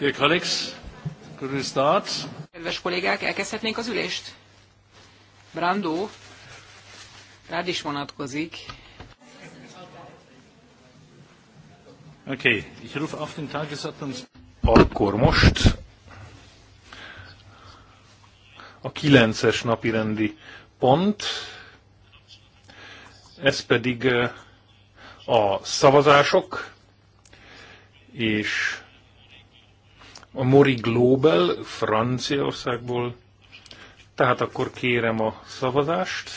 Dear colleagues, could we start? Kedves kollégák, elkezdhetnénk az ülést? Brandó, rád is vonatkozik. Okay, ich rufe auf den Tagesordnungs... Akkor most a kilences napi rendi pont, ez pedig eh, a szavazások, és a Mori Global Franciaországból. Tehát akkor kérem a szavazást.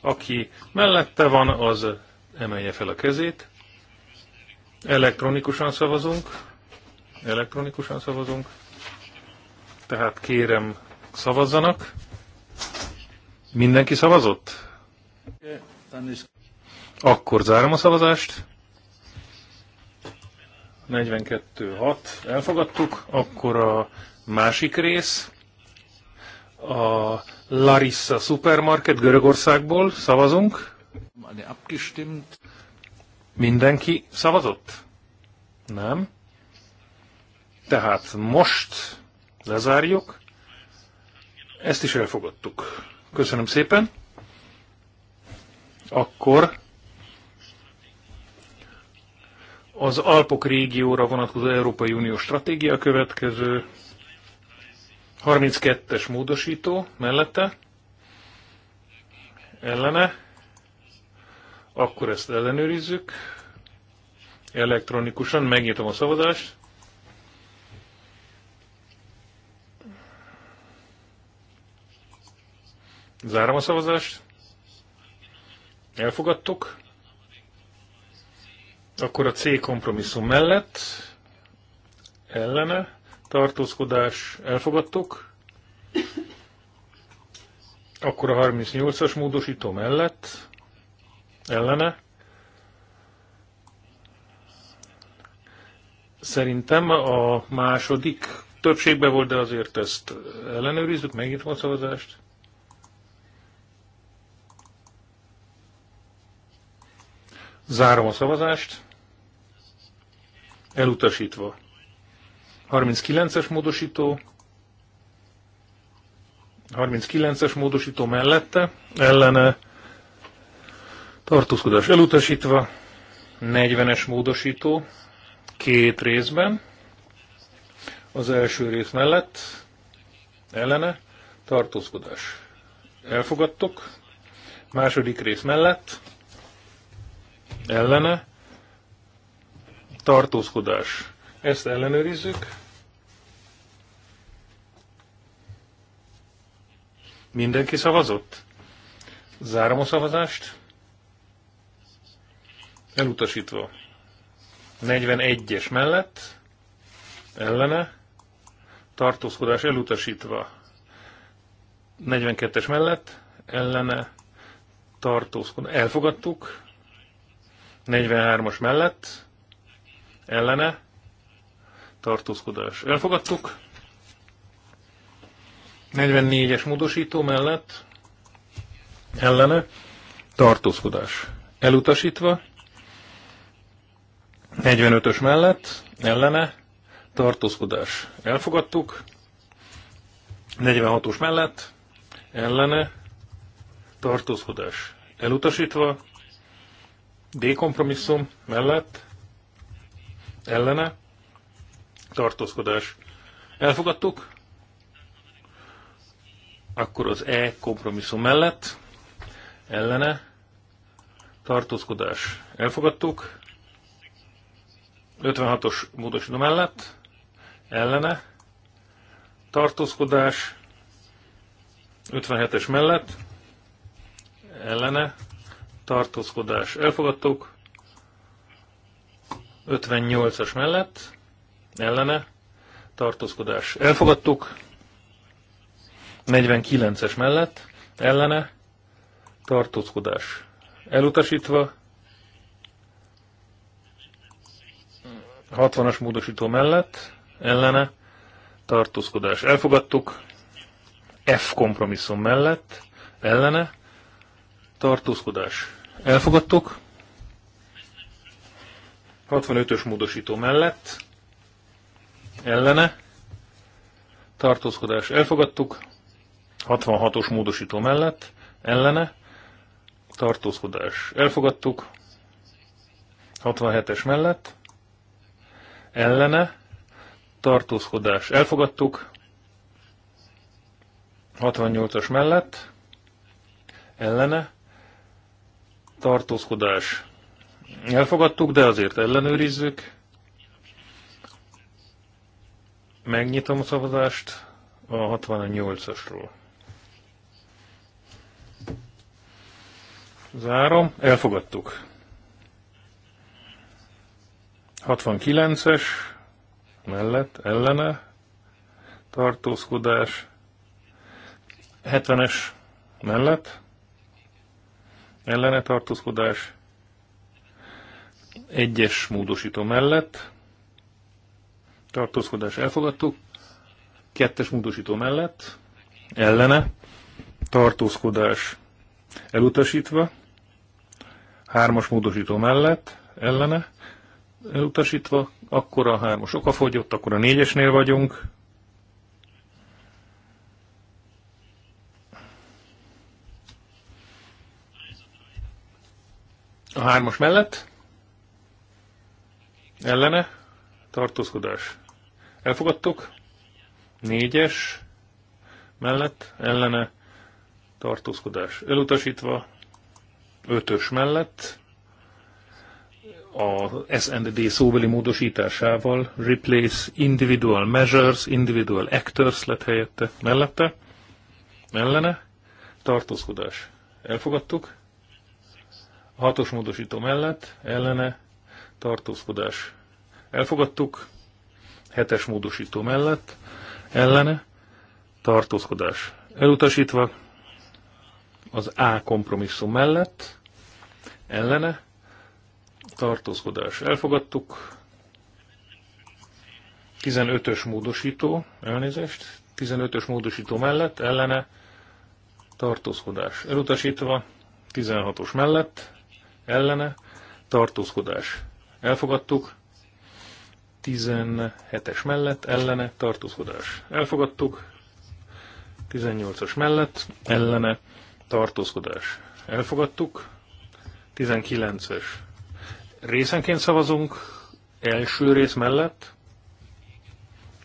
Aki mellette van, az emelje fel a kezét. Elektronikusan szavazunk. Elektronikusan szavazunk. Tehát kérem, szavazzanak. Mindenki szavazott? Akkor zárom a szavazást. 426 elfogadtuk, akkor a másik rész, a Larissa Supermarket Görögországból szavazunk. Mindenki szavazott? Nem. Tehát most lezárjuk. Ezt is elfogadtuk. Köszönöm szépen. Akkor Az Alpok régióra vonatkozó Európai Unió stratégia következő. 32-es módosító mellette. Ellene. Akkor ezt ellenőrizzük. Elektronikusan megnyitom a szavazást. Zárom a szavazást. Elfogadtuk. Akkor a C kompromisszum mellett ellene tartózkodás elfogadtuk. Akkor a 38-as módosító mellett ellene. Szerintem a második többségben volt, de azért ezt ellenőrizzük, megnyitom a szavazást. Zárom a szavazást. Elutasítva. 39-es módosító. 39-es módosító mellette. Ellene. Tartózkodás elutasítva. 40-es módosító. Két részben. Az első rész mellett. Ellene. Tartózkodás. Elfogadtok. Második rész mellett ellene, tartózkodás. Ezt ellenőrizzük. Mindenki szavazott? Zárom a szavazást. Elutasítva. 41-es mellett, ellene, tartózkodás elutasítva. 42-es mellett, ellene, tartózkodás. Elfogadtuk. 43-as mellett ellene tartózkodás. Elfogadtuk. 44-es módosító mellett ellene tartózkodás. Elutasítva. 45-ös mellett ellene tartózkodás. Elfogadtuk. 46-os mellett ellene tartózkodás. Elutasítva. D kompromisszum mellett ellene tartózkodás elfogadtuk, akkor az E kompromisszum mellett ellene tartózkodás elfogadtuk, 56-os módosító mellett ellene tartózkodás 57-es mellett ellene tartózkodás elfogadtuk. 58-as mellett, ellene, tartózkodás elfogadtuk. 49-es mellett, ellene, tartózkodás elutasítva. 60-as módosító mellett, ellene, tartózkodás elfogadtuk. F kompromisszum mellett, ellene, tartózkodás Elfogadtuk. 65-ös módosító mellett. Ellene. Tartózkodás. Elfogadtuk. 66-os módosító mellett. Ellene. Tartózkodás. Elfogadtuk. 67-es mellett. Ellene. Tartózkodás. Elfogadtuk. 68-as mellett. Ellene tartózkodás elfogadtuk, de azért ellenőrizzük. Megnyitom a szavazást a 68-asról. Zárom, elfogadtuk. 69-es mellett ellene tartózkodás, 70-es mellett ellene tartózkodás, egyes módosító mellett tartózkodás elfogadtuk, kettes módosító mellett ellene tartózkodás elutasítva, hármas módosító mellett ellene elutasítva, akkor a hármas okafogyott, akkor a négyesnél vagyunk, A hármas mellett? Ellene? Tartózkodás. Elfogadtok. Négyes mellett? Ellene? Tartózkodás. Elutasítva. Ötös mellett? a S&D szóbeli módosításával replace individual measures, individual actors lett helyette, mellette, ellene, tartózkodás. Elfogadtuk. Hatos módosító mellett, ellene, tartózkodás. Elfogadtuk. Hetes módosító mellett, ellene, tartózkodás. Elutasítva az A kompromisszum mellett, ellene, tartózkodás. Elfogadtuk. 15-ös módosító, elnézést, 15-ös módosító mellett, ellene, tartózkodás. Elutasítva 16-os mellett, ellene, tartózkodás elfogadtuk, 17-es mellett ellene, tartózkodás elfogadtuk, 18-as mellett ellene, tartózkodás elfogadtuk, 19-es részenként szavazunk, első rész mellett,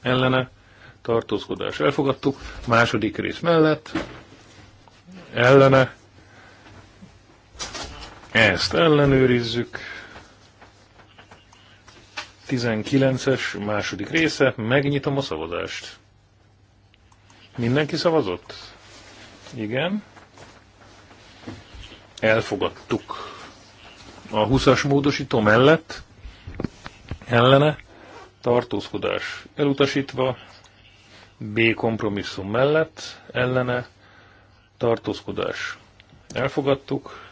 ellene, tartózkodás elfogadtuk, második rész mellett, ellene, ezt ellenőrizzük. 19-es második része, megnyitom a szavazást. Mindenki szavazott? Igen. Elfogadtuk. A 20-as módosító mellett ellene tartózkodás elutasítva, B kompromisszum mellett ellene tartózkodás. Elfogadtuk.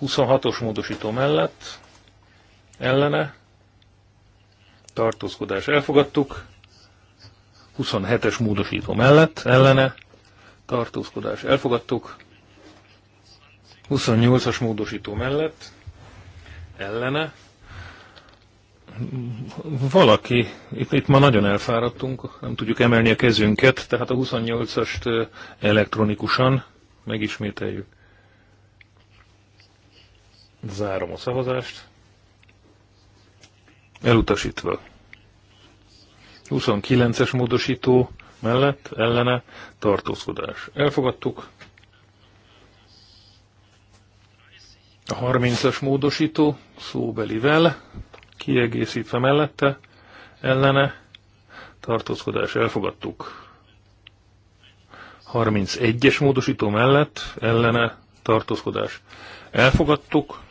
26-os módosító mellett ellene tartózkodás elfogadtuk, 27-es módosító mellett ellene tartózkodás elfogadtuk, 28-as módosító mellett ellene. Valaki, itt, itt ma nagyon elfáradtunk, nem tudjuk emelni a kezünket, tehát a 28-ast elektronikusan megismételjük. Zárom a szavazást. Elutasítva. 29-es módosító mellett ellene tartózkodás. Elfogadtuk. A 30 es módosító szóbelivel kiegészítve mellette ellene tartózkodás. Elfogadtuk. 31-es módosító mellett ellene tartózkodás. Elfogadtuk.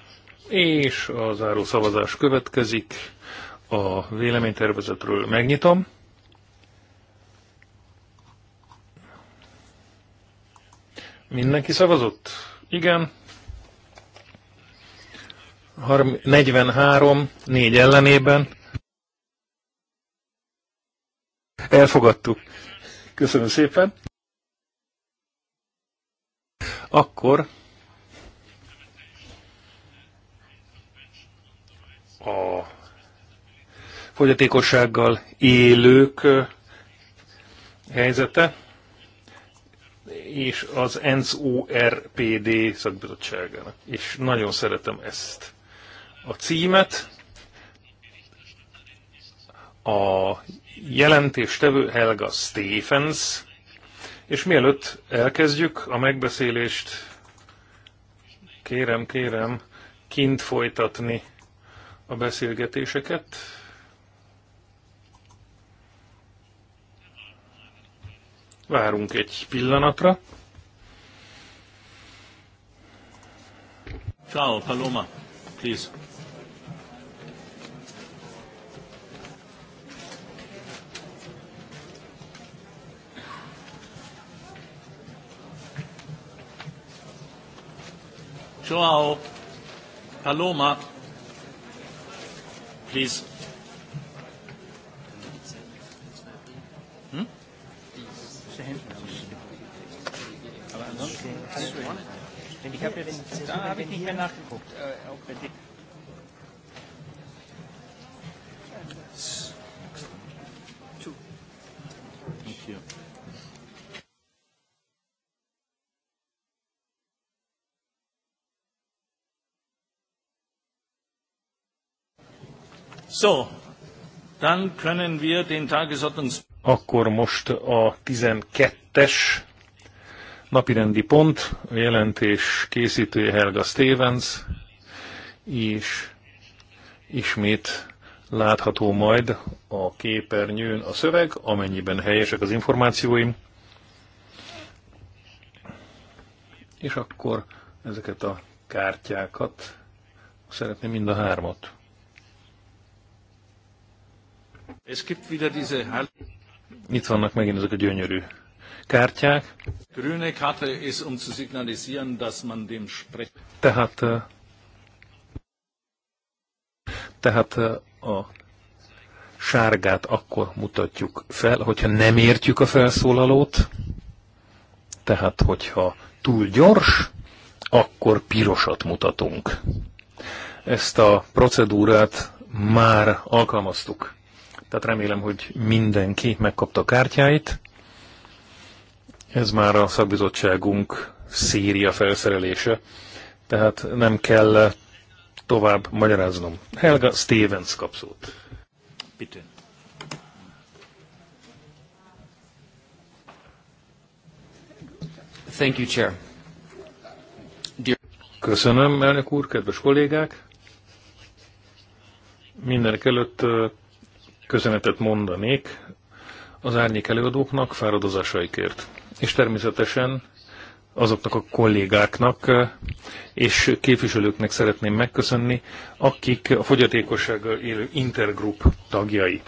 És a záró szavazás következik. A véleménytervezetről megnyitom. Mindenki szavazott? Igen. 43, 4 ellenében. Elfogadtuk. Köszönöm szépen. Akkor a fogyatékossággal élők helyzete, és az ORPD szakbizottságának. És nagyon szeretem ezt a címet. A jelentéstevő Helga Stephens, és mielőtt elkezdjük a megbeszélést, kérem, kérem, kint folytatni a beszélgetéseket. Várunk egy pillanatra. Ciao, Paloma, please. Ciao, Paloma please. Hm? Aber ansonsten alles schön. Denn ich habe jetzt, da habe ich nicht mehr nachgeguckt, ob wir So, dann können wir den Tagesordnungs... Akkor most a 12-es napirendi pont, a jelentés készítője Helga Stevens, és ismét látható majd a képernyőn a szöveg, amennyiben helyesek az információim. És akkor ezeket a kártyákat szeretném mind a hármat Es gibt wieder diese... Itt vannak megint ezek a gyönyörű kártyák. Grüne Karte ist, um zu signalisieren, dass man dem spricht. Tehát, eh, tehát eh, a sárgát akkor mutatjuk fel, hogyha nem értjük a felszólalót, tehát hogyha túl gyors, akkor pirosat mutatunk. Ezt a procedúrát már alkalmaztuk. Tehát remélem, hogy mindenki megkapta a kártyáit. Ez már a szakbizottságunk Szíria felszerelése, tehát nem kell tovább magyaráznom. Helga Stevens kapszót. Thank you, Chair. Dear... Köszönöm, elnök úr, kedves kollégák! Mindenek előtt köszönetet mondanék az árnyék előadóknak fáradozásaikért. És természetesen azoknak a kollégáknak eh, és képviselőknek szeretném megköszönni, akik a fogyatékossággal élő intergroup tagjai.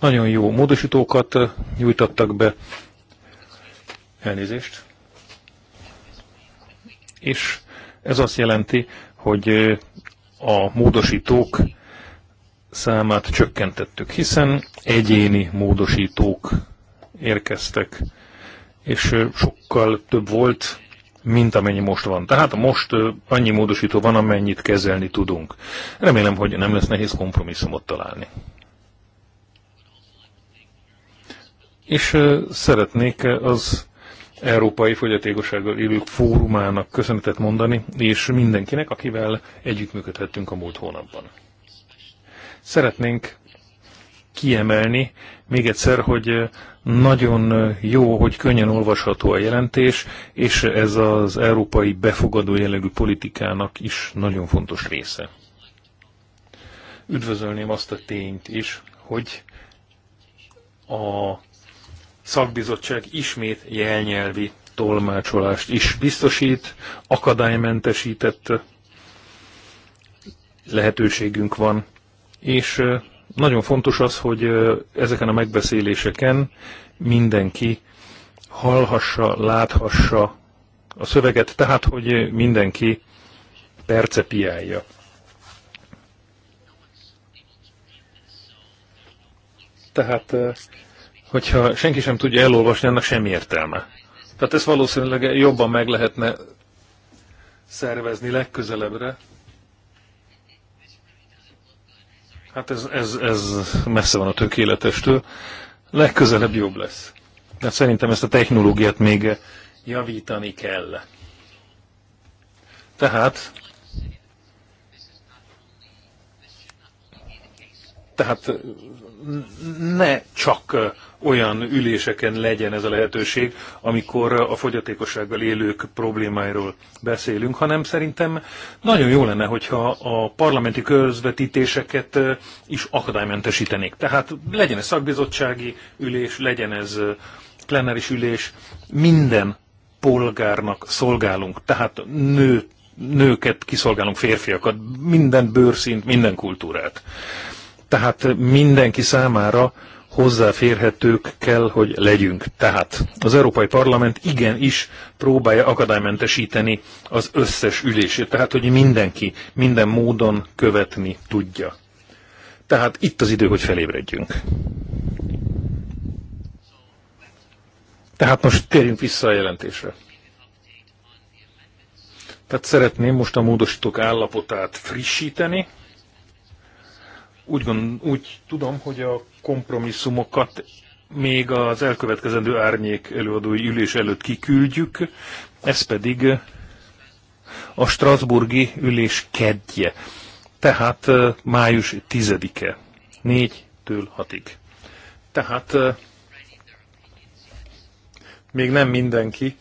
Nagyon jó módosítókat eh, nyújtattak be. Elnézést. És ez azt jelenti, hogy eh, a módosítók számát csökkentettük, hiszen egyéni módosítók érkeztek, és sokkal több volt, mint amennyi most van. Tehát most annyi módosító van, amennyit kezelni tudunk. Remélem, hogy nem lesz nehéz kompromisszumot találni. És szeretnék az Európai Fogyatékossággal Élők Fórumának köszönetet mondani, és mindenkinek, akivel együttműködhettünk a múlt hónapban. Szeretnénk kiemelni még egyszer, hogy nagyon jó, hogy könnyen olvasható a jelentés, és ez az európai befogadó jellegű politikának is nagyon fontos része. Üdvözölném azt a tényt is, hogy a szakbizottság ismét jelnyelvi tolmácsolást is biztosít, akadálymentesített lehetőségünk van és nagyon fontos az, hogy ezeken a megbeszéléseken mindenki hallhassa, láthassa a szöveget, tehát hogy mindenki percepiálja. Tehát, hogyha senki sem tudja elolvasni, annak sem értelme. Tehát ezt valószínűleg jobban meg lehetne szervezni legközelebbre. Hát ez, ez, ez messze van a tökéletestől. Legközelebb jobb lesz. De szerintem ezt a technológiát még javítani kell. Tehát tehát ne csak olyan üléseken legyen ez a lehetőség, amikor a fogyatékossággal élők problémáiról beszélünk, hanem szerintem nagyon jó lenne, hogyha a parlamenti közvetítéseket is akadálymentesítenék. Tehát legyen ez szakbizottsági ülés, legyen ez plenáris ülés, minden polgárnak szolgálunk, tehát nő nőket kiszolgálunk, férfiakat, minden bőrszint, minden kultúrát. Tehát mindenki számára hozzáférhetők kell, hogy legyünk. Tehát az Európai Parlament igenis próbálja akadálymentesíteni az összes ülését, tehát hogy mindenki minden módon követni tudja. Tehát itt az idő, hogy felébredjünk. Tehát most térjünk vissza a jelentésre. Tehát szeretném most a módosítók állapotát frissíteni. Úgy, gond, úgy tudom, hogy a kompromisszumokat még az elkövetkezendő árnyék előadói ülés előtt kiküldjük, ez pedig a Strasburgi ülés kedje, tehát május 10-e, 4-től 6-ig. Tehát még nem mindenki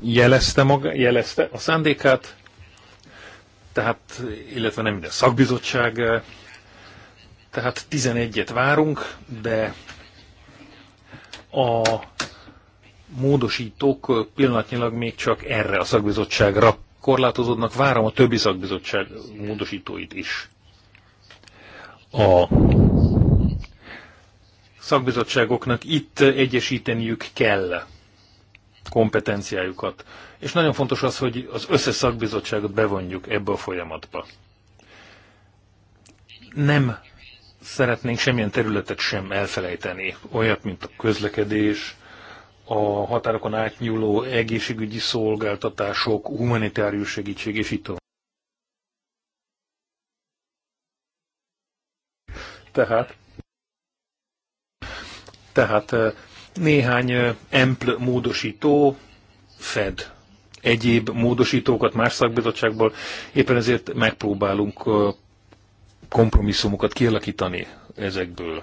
jelezte, maga, jelezte a szándékát, tehát, illetve nem minden szakbizottság, eh, tehát 11-et várunk, de a módosítók pillanatnyilag még csak erre a szakbizottságra korlátozódnak, várom a többi szakbizottság módosítóit is. A szakbizottságoknak itt egyesíteniük kell kompetenciájukat. És nagyon fontos az, hogy az összes szakbizottságot bevonjuk ebbe a folyamatba. Nem szeretnénk semmilyen területet sem elfelejteni, olyat, mint a közlekedés, a határokon átnyúló egészségügyi szolgáltatások, humanitárius segítség és itt Tehát, tehát eh, néhány empl módosító fed egyéb módosítókat más szakbizottságból, éppen ezért megpróbálunk kompromisszumokat kialakítani ezekből.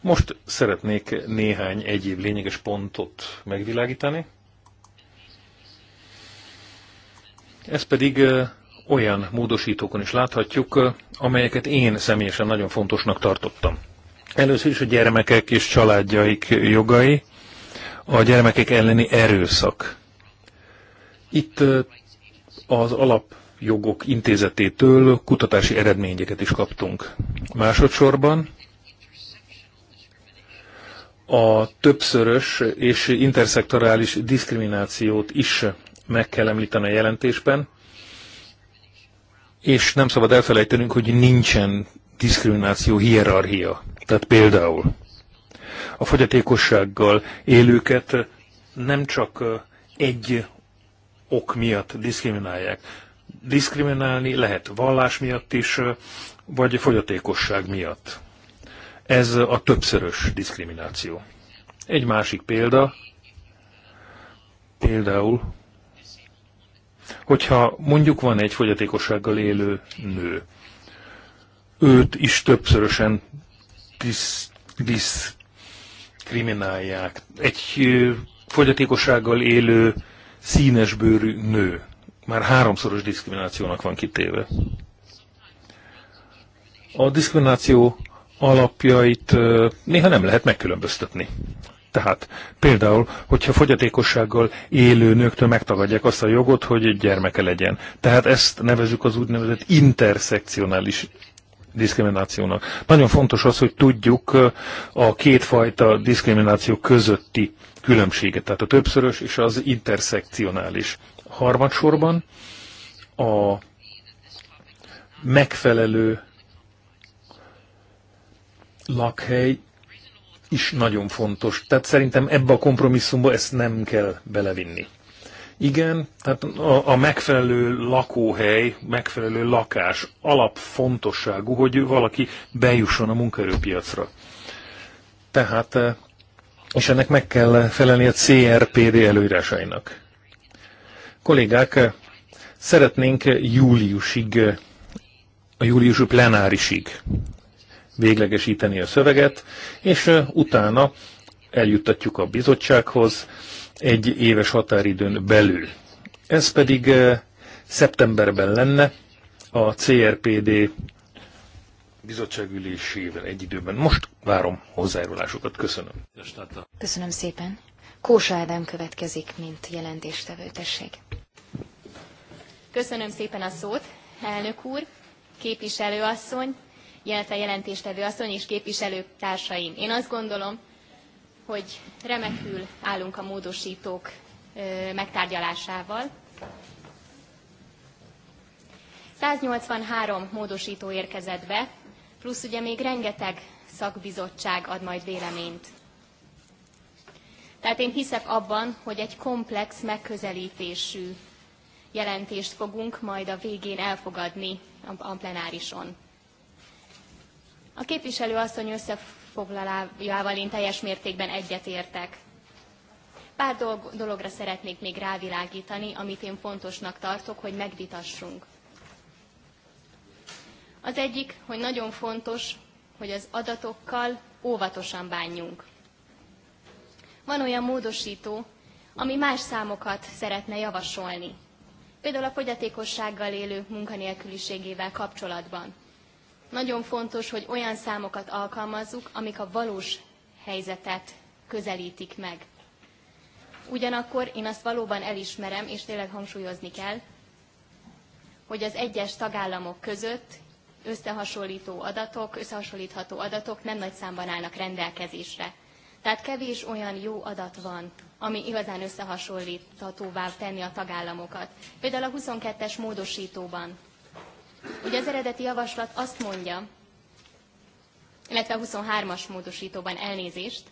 Most szeretnék néhány egyéb lényeges pontot megvilágítani. Ez pedig olyan módosítókon is láthatjuk, amelyeket én személyesen nagyon fontosnak tartottam. Először is a gyermekek és családjaik jogai, a gyermekek elleni erőszak. Itt az alapjogok intézetétől kutatási eredményeket is kaptunk. Másodszorban a többszörös és interszektorális diszkriminációt is meg kell említeni a jelentésben, és nem szabad elfelejtenünk, hogy nincsen diszkrimináció hierarchia. Tehát például a fogyatékossággal élőket nem csak egy ok miatt diszkriminálják. Diszkriminálni lehet vallás miatt is, vagy fogyatékosság miatt. Ez a többszörös diszkrimináció. Egy másik példa, például, hogyha mondjuk van egy fogyatékossággal élő nő, őt is többszörösen disz, kriminálják Egy fogyatékossággal élő színesbőrű nő már háromszoros diszkriminációnak van kitéve. A diszkrimináció alapjait néha nem lehet megkülönböztetni. Tehát például, hogyha fogyatékossággal élő nőktől megtagadják azt a jogot, hogy egy gyermeke legyen. Tehát ezt nevezük az úgynevezett interszekcionális diszkriminációnak. Nagyon fontos az, hogy tudjuk a kétfajta diszkrimináció közötti különbséget, tehát a többszörös és az interszekcionális. Harmadsorban a megfelelő lakhely is nagyon fontos. Tehát szerintem ebbe a kompromisszumba ezt nem kell belevinni. Igen, tehát a, a megfelelő lakóhely, megfelelő lakás alapfontosságú, hogy valaki bejusson a munkaerőpiacra. Tehát, eh, és ennek meg kell felelni a CRPD előírásainak. Kollégák, eh, szeretnénk júliusig, eh, a júliusi plenárisig véglegesíteni a szöveget, és utána eljuttatjuk a bizottsághoz, egy éves határidőn belül. Ez pedig eh, szeptemberben lenne a CRPD bizottságülésével egy időben. Most várom hozzájárulásokat. Köszönöm. Köszönöm szépen. Kósa Ádám következik, mint jelentéstevő. Tessék. Köszönöm szépen a szót, elnök úr, képviselőasszony, illetve jelentéstevő asszony és képviselőtársaim. Én azt gondolom, hogy remekül állunk a módosítók megtárgyalásával. 183 módosító érkezett be, plusz ugye még rengeteg szakbizottság ad majd véleményt. Tehát én hiszek abban, hogy egy komplex megközelítésű jelentést fogunk majd a végén elfogadni a plenárison. A képviselő asszony össze foglalájával én teljes mértékben egyetértek. Pár dologra szeretnék még rávilágítani, amit én fontosnak tartok, hogy megvitassunk. Az egyik, hogy nagyon fontos, hogy az adatokkal óvatosan bánjunk. Van olyan módosító, ami más számokat szeretne javasolni. Például a fogyatékossággal élő munkanélküliségével kapcsolatban. Nagyon fontos, hogy olyan számokat alkalmazzuk, amik a valós helyzetet közelítik meg. Ugyanakkor én azt valóban elismerem, és tényleg hangsúlyozni kell, hogy az egyes tagállamok között összehasonlító adatok, összehasonlítható adatok nem nagy számban állnak rendelkezésre. Tehát kevés olyan jó adat van, ami igazán összehasonlíthatóvá tenni a tagállamokat. Például a 22-es módosítóban Ugye az eredeti javaslat azt mondja, illetve a 23-as módosítóban elnézést,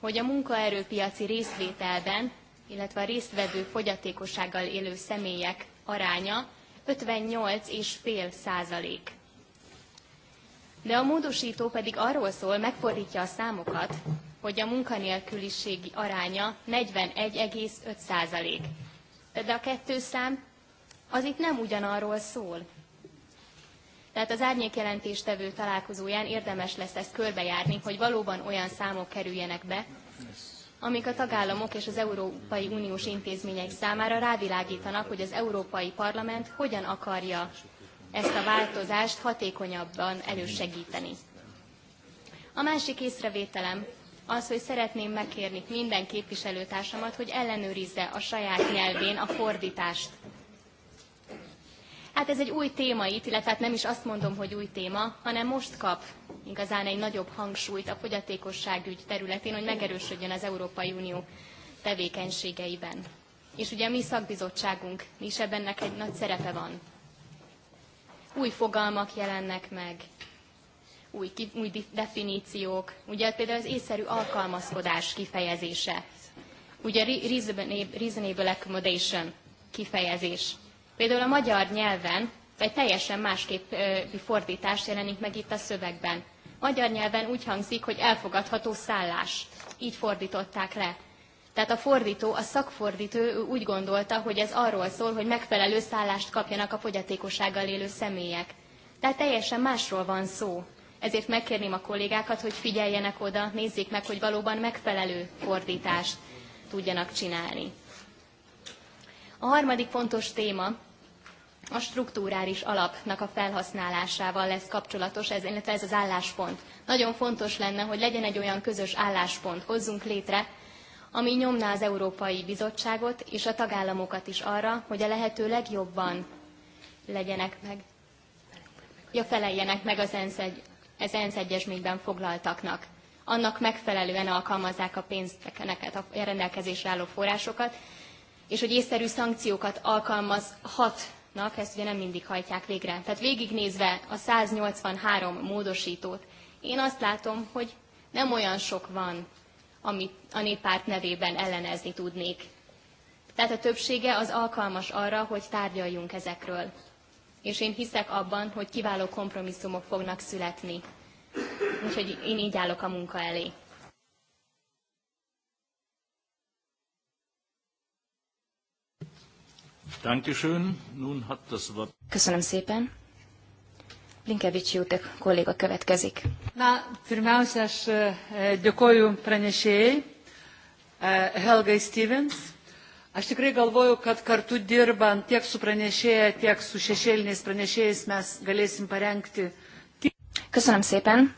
hogy a munkaerőpiaci részvételben, illetve a résztvevő fogyatékossággal élő személyek aránya 58,5 százalék. De a módosító pedig arról szól, megfordítja a számokat, hogy a munkanélküliségi aránya 41,5 százalék. De a kettő szám az itt nem ugyanarról szól. Tehát az árnyékjelentéstevő találkozóján érdemes lesz ezt körbejárni, hogy valóban olyan számok kerüljenek be, amik a tagállamok és az Európai Uniós intézmények számára rávilágítanak, hogy az Európai Parlament hogyan akarja ezt a változást hatékonyabban elősegíteni. A másik észrevételem az, hogy szeretném megkérni minden képviselőtársamat, hogy ellenőrizze a saját nyelvén a fordítást Hát ez egy új téma itt, illetve hát nem is azt mondom, hogy új téma, hanem most kap igazán egy nagyobb hangsúlyt a fogyatékosságügy területén, hogy megerősödjön az Európai Unió tevékenységeiben. És ugye a mi szakbizottságunk is ebben egy nagy szerepe van. Új fogalmak jelennek meg, új, új definíciók, ugye például az észszerű alkalmazkodás kifejezése, ugye reasonable accommodation kifejezés Például a magyar nyelven egy teljesen másképp fordítás jelenik meg itt a szövegben. Magyar nyelven úgy hangzik, hogy elfogadható szállás. Így fordították le. Tehát a fordító, a szakfordító úgy gondolta, hogy ez arról szól, hogy megfelelő szállást kapjanak a fogyatékossággal élő személyek. Tehát teljesen másról van szó. Ezért megkérném a kollégákat, hogy figyeljenek oda, nézzék meg, hogy valóban megfelelő fordítást tudjanak csinálni. A harmadik fontos téma, a struktúrális alapnak a felhasználásával lesz kapcsolatos, ez, illetve ez az álláspont. Nagyon fontos lenne, hogy legyen egy olyan közös álláspont, hozzunk létre, ami nyomná az Európai Bizottságot és a tagállamokat is arra, hogy a lehető legjobban legyenek meg, ja, feleljenek meg az ENSZ, egy, az ENSZ egyesményben foglaltaknak. Annak megfelelően alkalmazzák a pénzteket, a rendelkezésre álló forrásokat, és hogy észszerű szankciókat alkalmazhat módosítóknak, ezt ugye nem mindig hajtják végre. Tehát végignézve a 183 módosítót, én azt látom, hogy nem olyan sok van, amit a néppárt nevében ellenezni tudnék. Tehát a többsége az alkalmas arra, hogy tárgyaljunk ezekről. És én hiszek abban, hogy kiváló kompromisszumok fognak születni. Úgyhogy én így állok a munka elé. Köszönöm szépen. Linkevics Jútek kolléga következik. Na, pirmiausia, aš e, dėkoju pranešėjai, e, Helgai Stevens. Aš tikrai galvoju, kad kartu dirbant tiek su pranešėja, tiek su šešėliniais pranešėjais mes galėsim parengti. Köszönöm szépen.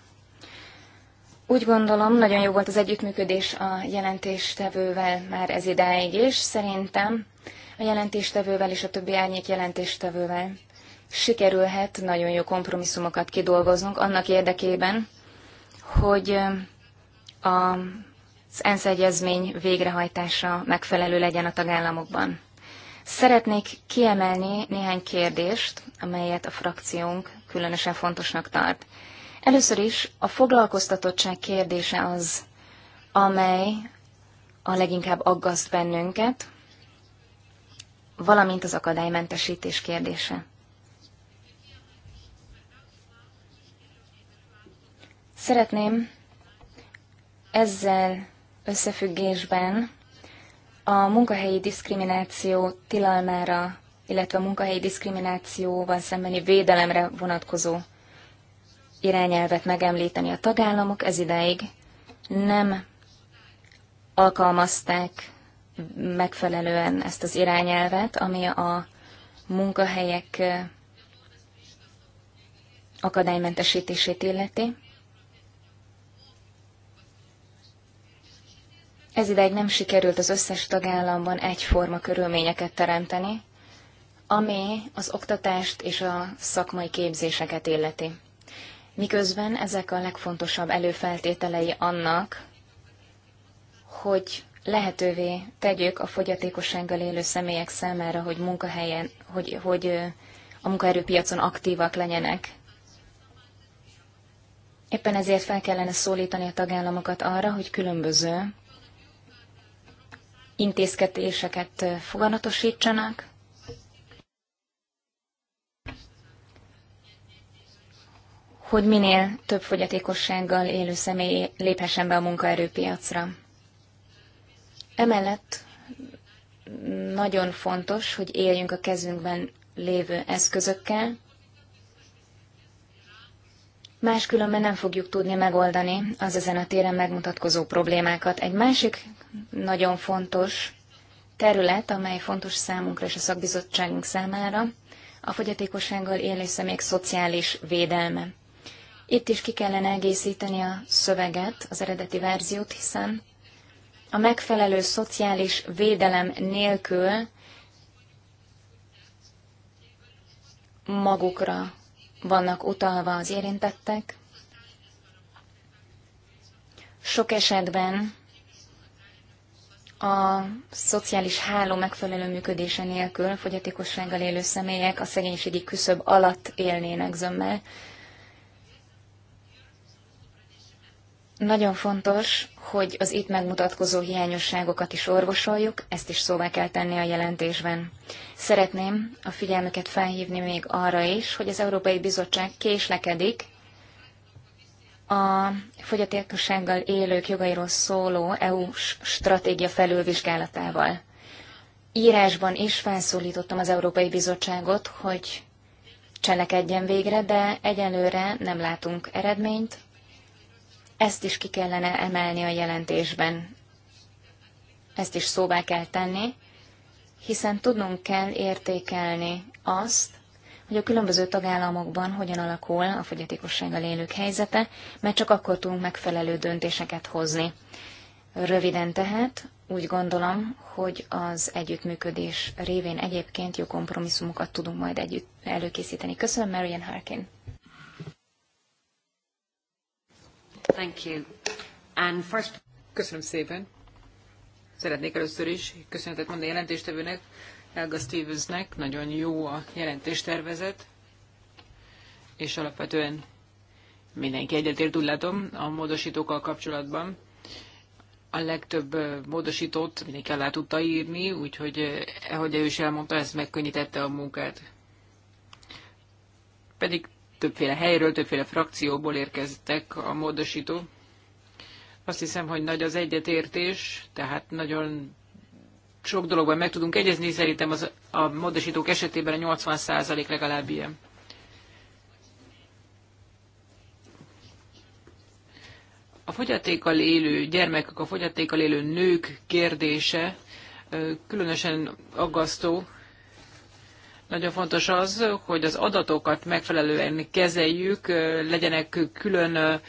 Úgy gondolom, nagyon jó volt az együttműködés a jelentéstevővel már ez idáig, és szerintem a jelentéstevővel és a többi árnyék jelentéstevővel. Sikerülhet nagyon jó kompromisszumokat kidolgoznunk annak érdekében, hogy az ENSZ egyezmény végrehajtása megfelelő legyen a tagállamokban. Szeretnék kiemelni néhány kérdést, amelyet a frakciónk különösen fontosnak tart. Először is a foglalkoztatottság kérdése az, amely a leginkább aggaszt bennünket, valamint az akadálymentesítés kérdése. Szeretném ezzel összefüggésben a munkahelyi diszkrimináció tilalmára, illetve a munkahelyi diszkriminációval szembeni védelemre vonatkozó irányelvet megemlíteni. A tagállamok ez ideig nem alkalmazták megfelelően ezt az irányelvet, ami a munkahelyek akadálymentesítését illeti. Ez ideig nem sikerült az összes tagállamban egyforma körülményeket teremteni, ami az oktatást és a szakmai képzéseket illeti. Miközben ezek a legfontosabb előfeltételei annak, hogy lehetővé tegyük a fogyatékossággal élő személyek számára, hogy munkahelyen, hogy, hogy a munkaerőpiacon aktívak legyenek. Éppen ezért fel kellene szólítani a tagállamokat arra, hogy különböző intézkedéseket foganatosítsanak, hogy minél több fogyatékossággal élő személy léphessen be a munkaerőpiacra. Emellett nagyon fontos, hogy éljünk a kezünkben lévő eszközökkel, máskülönben nem fogjuk tudni megoldani az ezen a téren megmutatkozó problémákat. Egy másik nagyon fontos terület, amely fontos számunkra és a szakbizottságunk számára, a fogyatékossággal élő személyek szociális védelme. Itt is ki kellene egészíteni a szöveget, az eredeti verziót, hiszen a megfelelő szociális védelem nélkül magukra vannak utalva az érintettek. Sok esetben a szociális háló megfelelő működése nélkül fogyatékossággal élő személyek a szegénységi küszöb alatt élnének zömmel, Nagyon fontos, hogy az itt megmutatkozó hiányosságokat is orvosoljuk, ezt is szóvá kell tenni a jelentésben. Szeretném a figyelmüket felhívni még arra is, hogy az Európai Bizottság késlekedik a fogyatékossággal élők jogairól szóló EU-s stratégia felülvizsgálatával. Írásban is felszólítottam az Európai Bizottságot, hogy cselekedjen végre, de egyelőre nem látunk eredményt, ezt is ki kellene emelni a jelentésben. Ezt is szóvá kell tenni, hiszen tudnunk kell értékelni azt, hogy a különböző tagállamokban hogyan alakul a fogyatékossággal élők helyzete, mert csak akkor tudunk megfelelő döntéseket hozni. Röviden tehát úgy gondolom, hogy az együttműködés révén egyébként jó kompromisszumokat tudunk majd együtt előkészíteni. Köszönöm, Marian Harkin. Thank you. And first... Köszönöm szépen. Szeretnék először is köszönetet mondani a jelentéstevőnek, Elga Stevensnek. Nagyon jó a jelentéstervezet, és alapvetően mindenki egyetért, úgy látom, a módosítókkal kapcsolatban. A legtöbb módosítót mindenki alá tudta írni, úgyhogy, ahogy ő is elmondta, ez megkönnyítette a munkát. Pedig többféle helyről, többféle frakcióból érkeztek a módosító. Azt hiszem, hogy nagy az egyetértés, tehát nagyon sok dologban meg tudunk egyezni, szerintem az, a módosítók esetében a 80% legalább ilyen. A fogyatékkal élő gyermekek, a fogyatékkal élő nők kérdése különösen aggasztó, nagyon fontos az, hogy az adatokat megfelelően kezeljük, legyenek külön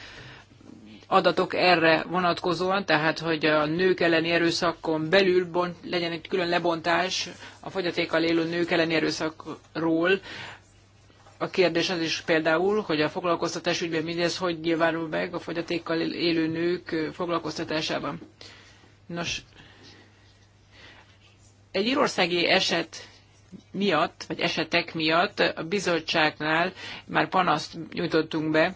adatok erre vonatkozóan, tehát hogy a nők elleni erőszakon belül bont, legyen egy külön lebontás a fogyatékkal élő nők elleni erőszakról. A kérdés az is például, hogy a foglalkoztatás ügyben mindez hogy nyilvánul meg a fogyatékkal élő nők foglalkoztatásában. Nos, egy írországi eset miatt, vagy esetek miatt a bizottságnál már panaszt nyújtottunk be.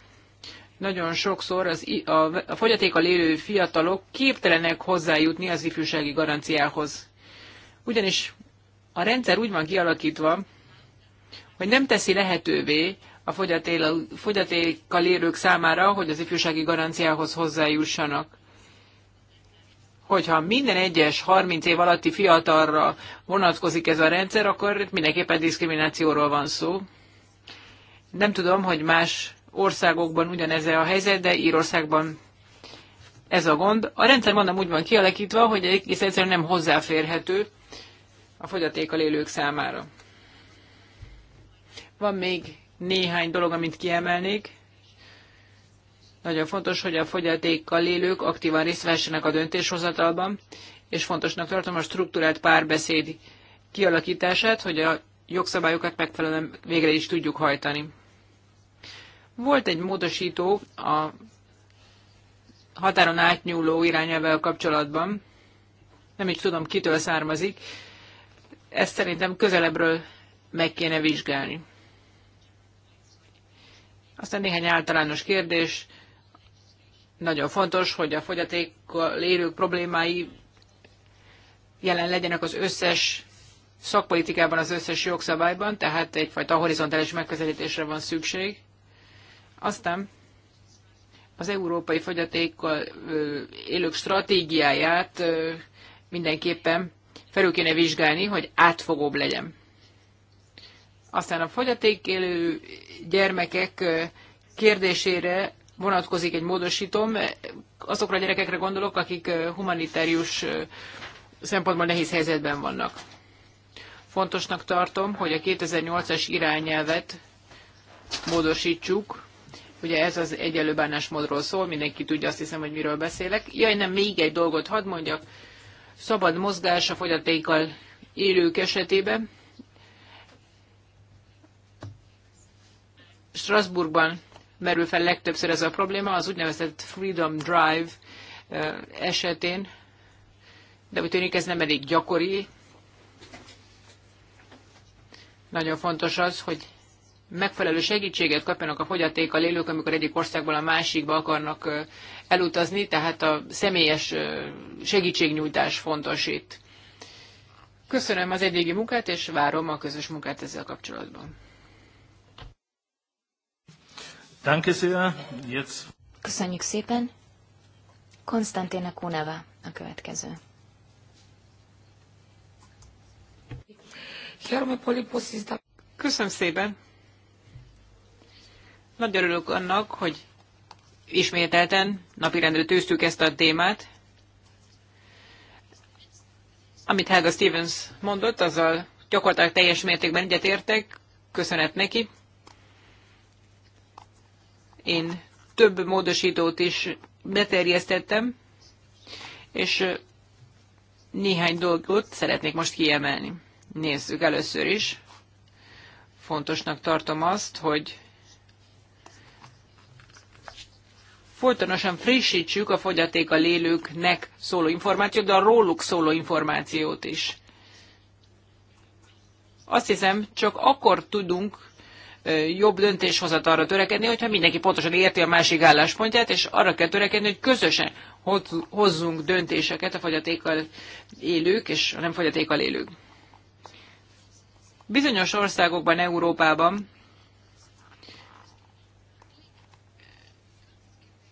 Nagyon sokszor az, a, a fogyatékkal élő fiatalok képtelenek hozzájutni az ifjúsági garanciához. Ugyanis a rendszer úgy van kialakítva, hogy nem teszi lehetővé a fogyatékkal élők számára, hogy az ifjúsági garanciához hozzájussanak hogyha minden egyes 30 év alatti fiatalra vonatkozik ez a rendszer, akkor mindenképpen diszkriminációról van szó. Nem tudom, hogy más országokban ugyanez a helyzet, de Írországban ez a gond. A rendszer mondom úgy van kialakítva, hogy egész egyszerűen nem hozzáférhető a fogyatékkal élők számára. Van még néhány dolog, amit kiemelnék. Nagyon fontos, hogy a fogyatékkal élők aktívan részt vessenek a döntéshozatalban, és fontosnak tartom a struktúrált párbeszéd kialakítását, hogy a jogszabályokat megfelelően végre is tudjuk hajtani. Volt egy módosító a határon átnyúló irányelvvel kapcsolatban, nem is tudom kitől származik, ezt szerintem közelebbről meg kéne vizsgálni. Aztán néhány általános kérdés, nagyon fontos, hogy a fogyatékkal élők problémái jelen legyenek az összes szakpolitikában, az összes jogszabályban, tehát egyfajta horizontális megközelítésre van szükség. Aztán az európai fogyatékkal élők stratégiáját mindenképpen felül kéne vizsgálni, hogy átfogóbb legyen. Aztán a fogyaték élő gyermekek kérdésére vonatkozik egy módosítom. Azokra a gyerekekre gondolok, akik humanitárius szempontból nehéz helyzetben vannak. Fontosnak tartom, hogy a 2008-as irányelvet módosítsuk. Ugye ez az egyenlő bánásmódról szól, mindenki tudja azt hiszem, hogy miről beszélek. Jaj, nem, még egy dolgot hadd mondjak. Szabad mozgás a fogyatékkal élők esetében. Strasbourgban merül fel legtöbbször ez a probléma, az úgynevezett Freedom Drive esetén, de úgy tűnik ez nem elég gyakori. Nagyon fontos az, hogy megfelelő segítséget kapjanak a fogyatékkal élők, amikor egyik országból a másikba akarnak elutazni, tehát a személyes segítségnyújtás fontos itt. Köszönöm az eddigi munkát, és várom a közös munkát ezzel kapcsolatban. Danke sehr. Jetzt. Köszönjük szépen. Konstantina Kuneva a következő. Köszönöm szépen. Nagy örülök annak, hogy ismételten napirendre tűztük ezt a témát. Amit Helga Stevens mondott, azzal gyakorlatilag teljes mértékben egyetértek. Köszönet neki. Én több módosítót is beterjesztettem, és néhány dolgot szeretnék most kiemelni. Nézzük először is. Fontosnak tartom azt, hogy folytonosan frissítsük a a lélőknek szóló információt, de a róluk szóló információt is. Azt hiszem, csak akkor tudunk jobb döntéshozatalra törekedni, hogyha mindenki pontosan érti a másik álláspontját, és arra kell törekedni, hogy közösen hozzunk döntéseket a fogyatékkal élők és a nem fogyatékkal élők. Bizonyos országokban, Európában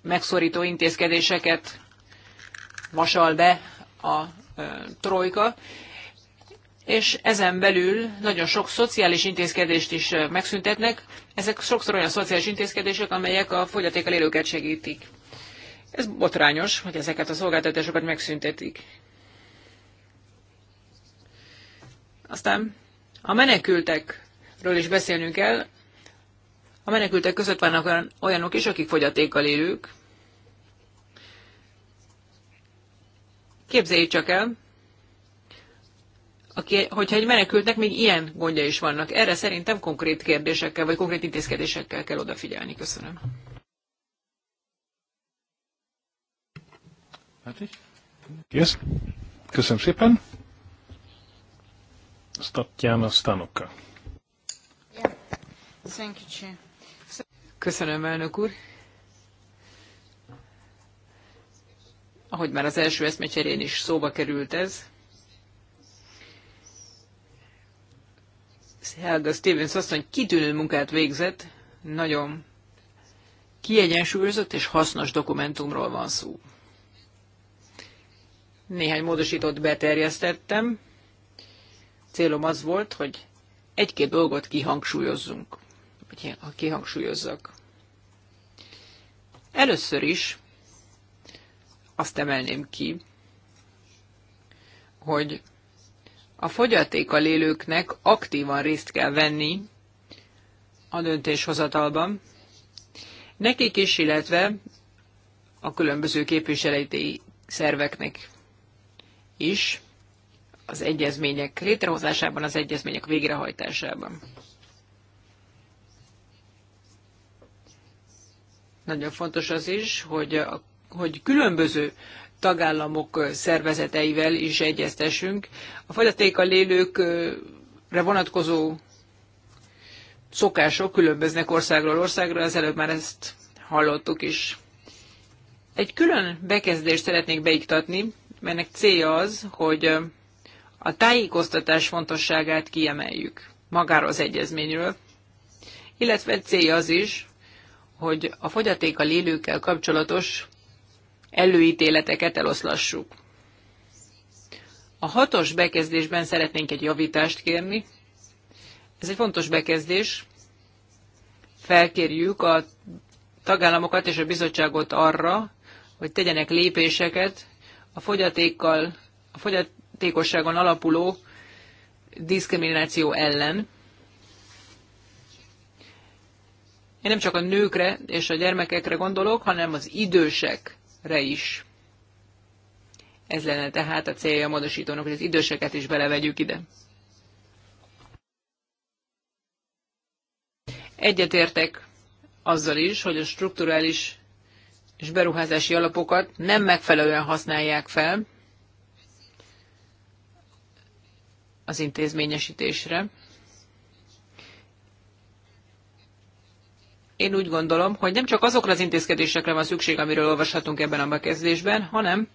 megszorító intézkedéseket vasal be a trojka, és ezen belül nagyon sok szociális intézkedést is megszüntetnek. Ezek sokszor olyan szociális intézkedések, amelyek a fogyatékkal élőket segítik. Ez botrányos, hogy ezeket a szolgáltatásokat megszüntetik. Aztán a menekültekről is beszélnünk kell. A menekültek között vannak olyanok is, akik fogyatékkal élők. Képzeljük csak el, aki, hogyha egy menekültnek még ilyen gondja is vannak. Erre szerintem konkrét kérdésekkel, vagy konkrét intézkedésekkel kell odafigyelni. Köszönöm. Yes. Köszönöm szépen. Statjana Stanoka. Köszönöm, elnök úr. Ahogy már az első eszmecserén is szóba került ez, Helga Stevens hogy kitűnő munkát végzett, nagyon kiegyensúlyozott és hasznos dokumentumról van szó. Néhány módosítót beterjesztettem. Célom az volt, hogy egy-két dolgot kihangsúlyozzunk, vagy kihangsúlyozzak. Először is azt emelném ki, hogy a fogyatékkal élőknek aktívan részt kell venni a döntéshozatalban. Nekik is, illetve a különböző képviseleti szerveknek is az egyezmények létrehozásában, az egyezmények végrehajtásában. Nagyon fontos az is, hogy a hogy különböző tagállamok szervezeteivel is egyeztessünk. A fogyatékkal élőkre vonatkozó szokások különböznek országról országra, az előbb már ezt hallottuk is. Egy külön bekezdést szeretnék beiktatni, ennek célja az, hogy a tájékoztatás fontosságát kiemeljük magáról az egyezményről, illetve célja az is, hogy a fogyatékkal élőkkel kapcsolatos előítéleteket eloszlassuk. A hatos bekezdésben szeretnénk egy javítást kérni. Ez egy fontos bekezdés. Felkérjük a tagállamokat és a bizottságot arra, hogy tegyenek lépéseket a fogyatékkal, a fogyatékosságon alapuló diszkrimináció ellen. Én nem csak a nőkre és a gyermekekre gondolok, hanem az idősek re is. Ez lenne tehát a célja a módosítónak, hogy az időseket is belevegyük ide. Egyetértek azzal is, hogy a strukturális és beruházási alapokat nem megfelelően használják fel az intézményesítésre. én úgy gondolom, hogy nem csak azokra az intézkedésekre van szükség, amiről olvashatunk ebben a bekezdésben, hanem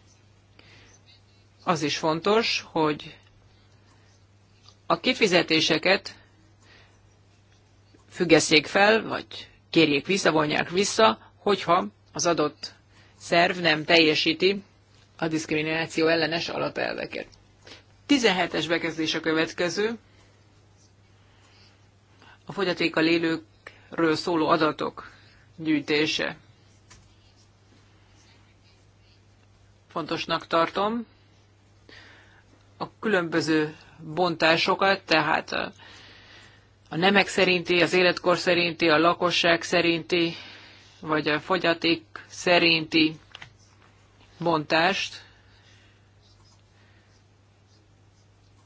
az is fontos, hogy a kifizetéseket függeszék fel, vagy kérjék vissza, vonják vissza, hogyha az adott szerv nem teljesíti a diszkrimináció ellenes alapelveket. 17-es bekezdés a következő. A fogyatékkal élők ről szóló adatok gyűjtése. Fontosnak tartom a különböző bontásokat, tehát a, a nemek szerinti, az életkor szerinti, a lakosság szerinti, vagy a fogyaték szerinti bontást,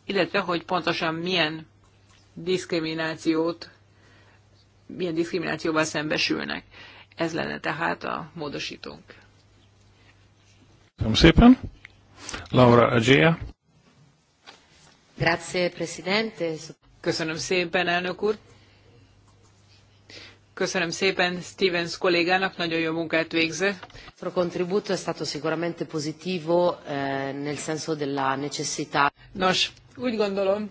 illetve hogy pontosan milyen diszkriminációt milyen diszkriminációval szembesülnek. Ez lenne tehát a módosítónk. Köszönöm szépen. Laura Agea. Grazie, Presidente. Köszönöm szépen, elnök úr. Köszönöm szépen Stevens kollégának, nagyon jó munkát végzett. Il contributo è stato sicuramente positivo eh, nel senso della necessità. Nos, úgy gondolom,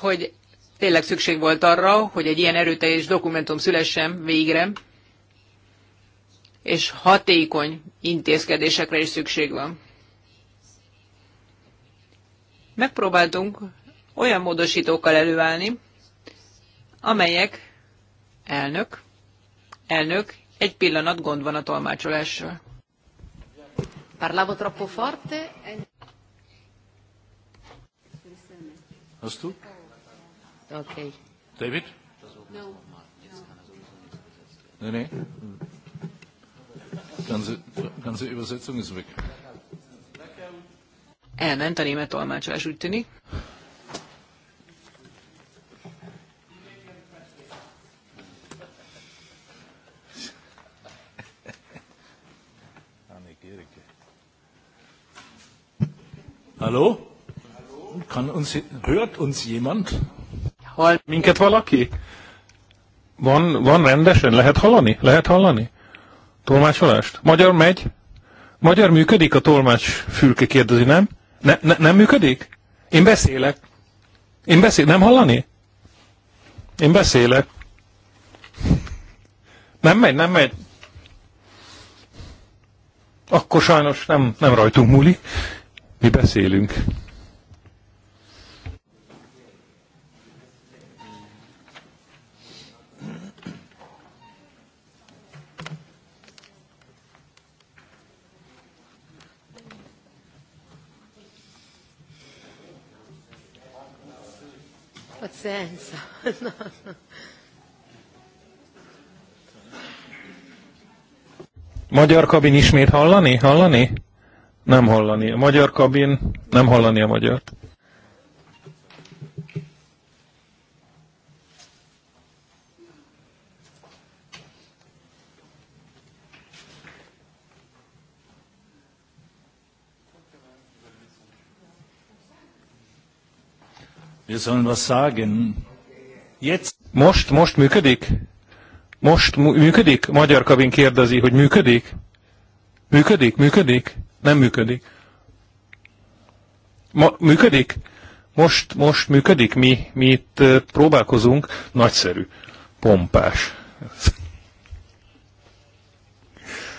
hogy tényleg szükség volt arra, hogy egy ilyen erőteljes dokumentum szülessen végre, és hatékony intézkedésekre is szükség van. Megpróbáltunk olyan módosítókkal előállni, amelyek elnök, elnök, egy pillanat gond van a tolmácsolással. Parlavo troppo forte. Azt Okay. David? No. Nee, nee. Ganze, ganze Übersetzung ist weg. Elment a német tolmácsolás, úgy tűnik. Hallo? Kann uns, hört uns jemand? Hall Minket valaki? Van, van rendesen? Lehet hallani? Lehet hallani? Tolmácsolást? Magyar megy? Magyar működik? A tolmács fülke kérdezi, nem? Ne, ne, nem működik? Én beszélek. Én beszélek nem hallani? Én beszélek. Nem megy, nem megy. Akkor sajnos nem, nem rajtunk múli. Mi beszélünk. senso. No, no. Magyar kabin ismét hallani? Hallani? Nem hallani. A magyar kabin nem hallani a magyart. Wir sollen was sagen. Jetzt. Most, most működik? Most működik? Magyar kabin kérdezi, hogy működik? Működik? Működik? Nem működik. Ma, működik? Most, most működik? Mi, mi itt próbálkozunk. Nagyszerű. Pompás.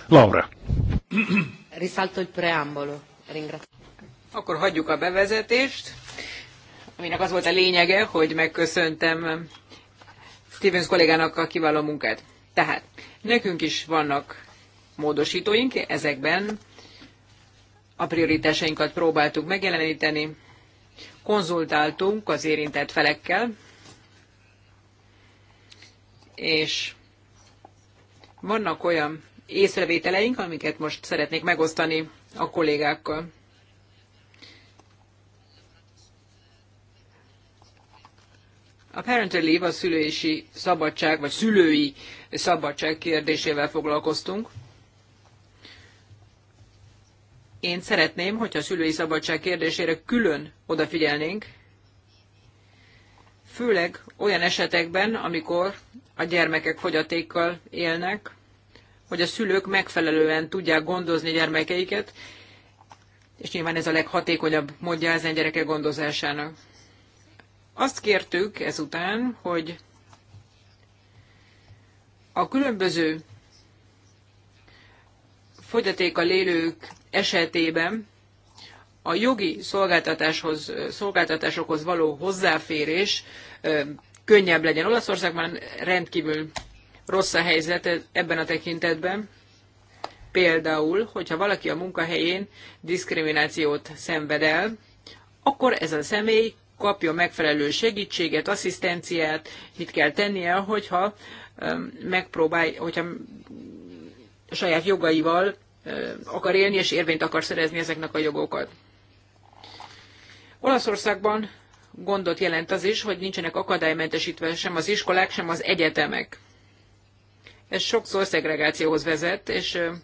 Laura. Risalto il preambolo. Ringrazio. Akkor hagyjuk a bevezetést aminek az volt a lényege, hogy megköszöntem Stevens kollégának a kiváló munkát. Tehát nekünk is vannak módosítóink, ezekben a prioritásainkat próbáltuk megjeleníteni, konzultáltunk az érintett felekkel, és vannak olyan észrevételeink, amiket most szeretnék megosztani a kollégákkal. A parental leave, a szülési szabadság, vagy szülői szabadság kérdésével foglalkoztunk. Én szeretném, hogyha a szülői szabadság kérdésére külön odafigyelnénk, főleg olyan esetekben, amikor a gyermekek fogyatékkal élnek, hogy a szülők megfelelően tudják gondozni gyermekeiket, és nyilván ez a leghatékonyabb módja ezen gyerekek gondozásának. Azt kértük ezután, hogy a különböző fogyatékkal élők esetében a jogi szolgáltatáshoz, szolgáltatásokhoz való hozzáférés könnyebb legyen. Olaszország már rendkívül rossz a helyzet ebben a tekintetben. Például, hogyha valaki a munkahelyén diszkriminációt szenved el, akkor ez a személy kapja megfelelő segítséget, asszisztenciát, mit kell tennie, hogyha um, megpróbál, hogyha saját jogaival um, akar élni, és érvényt akar szerezni ezeknek a jogokat. Olaszországban gondot jelent az is, hogy nincsenek akadálymentesítve sem az iskolák, sem az egyetemek. Ez sokszor szegregációhoz vezet, és um,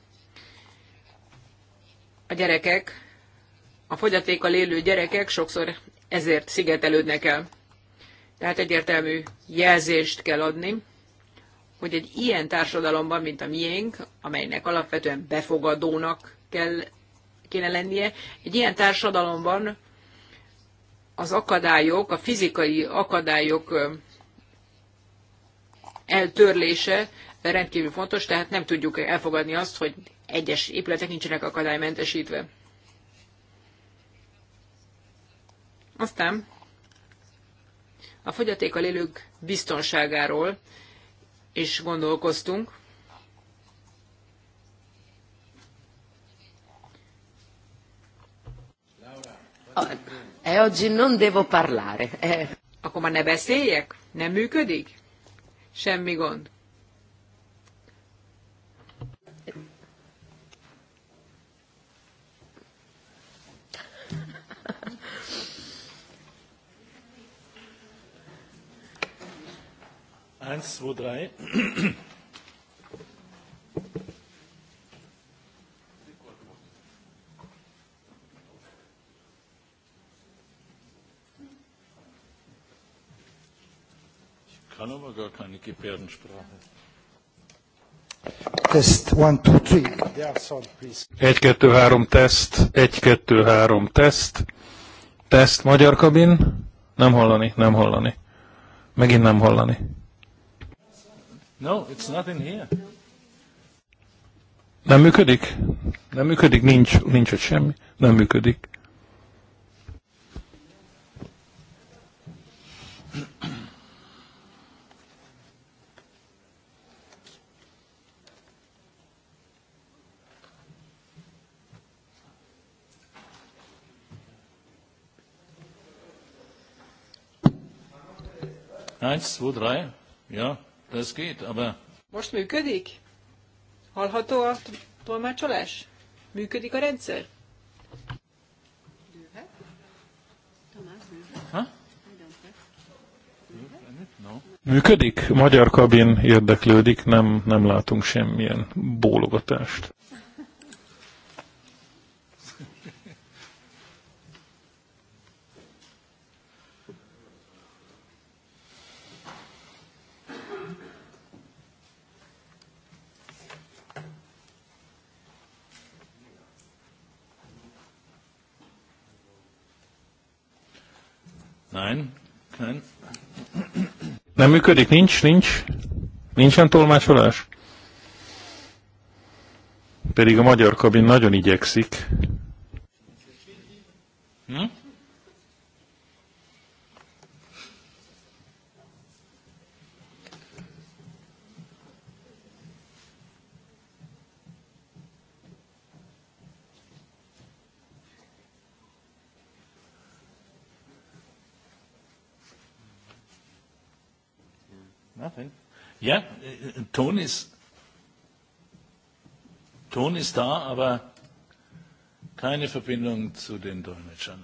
a gyerekek, a fogyatékkal élő gyerekek sokszor ezért szigetelődnek el. Tehát egyértelmű jelzést kell adni, hogy egy ilyen társadalomban, mint a miénk, amelynek alapvetően befogadónak kell, kéne lennie, egy ilyen társadalomban az akadályok, a fizikai akadályok eltörlése rendkívül fontos, tehát nem tudjuk elfogadni azt, hogy egyes épületek nincsenek akadálymentesítve. Aztán a fogyatékkal élők biztonságáról is gondolkoztunk. E oggi non devo parlare. Eh. Akkor már ne beszéljek? Nem működik? Semmi gond. Eins, zwei, drei. Ich kann aber gar keine Gebärdensprache. Test 1, 2, 3. 1, 2, 3, teszt. 1, 2, 3, teszt. Teszt, magyar kabin. Nem hallani, nem hallani. Megint nem hallani. No, it's not in here. Nem működik? Nem működik? Nincs, nincs ott semmi. Nem működik. Eins, zwei, drei, ja. Das geht, aber... Most működik? Hallható a tolmácsolás? Működik a rendszer? Működik? Magyar kabin érdeklődik, nem, nem látunk semmilyen bólogatást. Nein, Nem működik? Nincs? Nincs? Nincsen tolmácsolás? Pedig a magyar kabin nagyon igyekszik. ist da, aber keine Verbindung zu den Dolmetschern.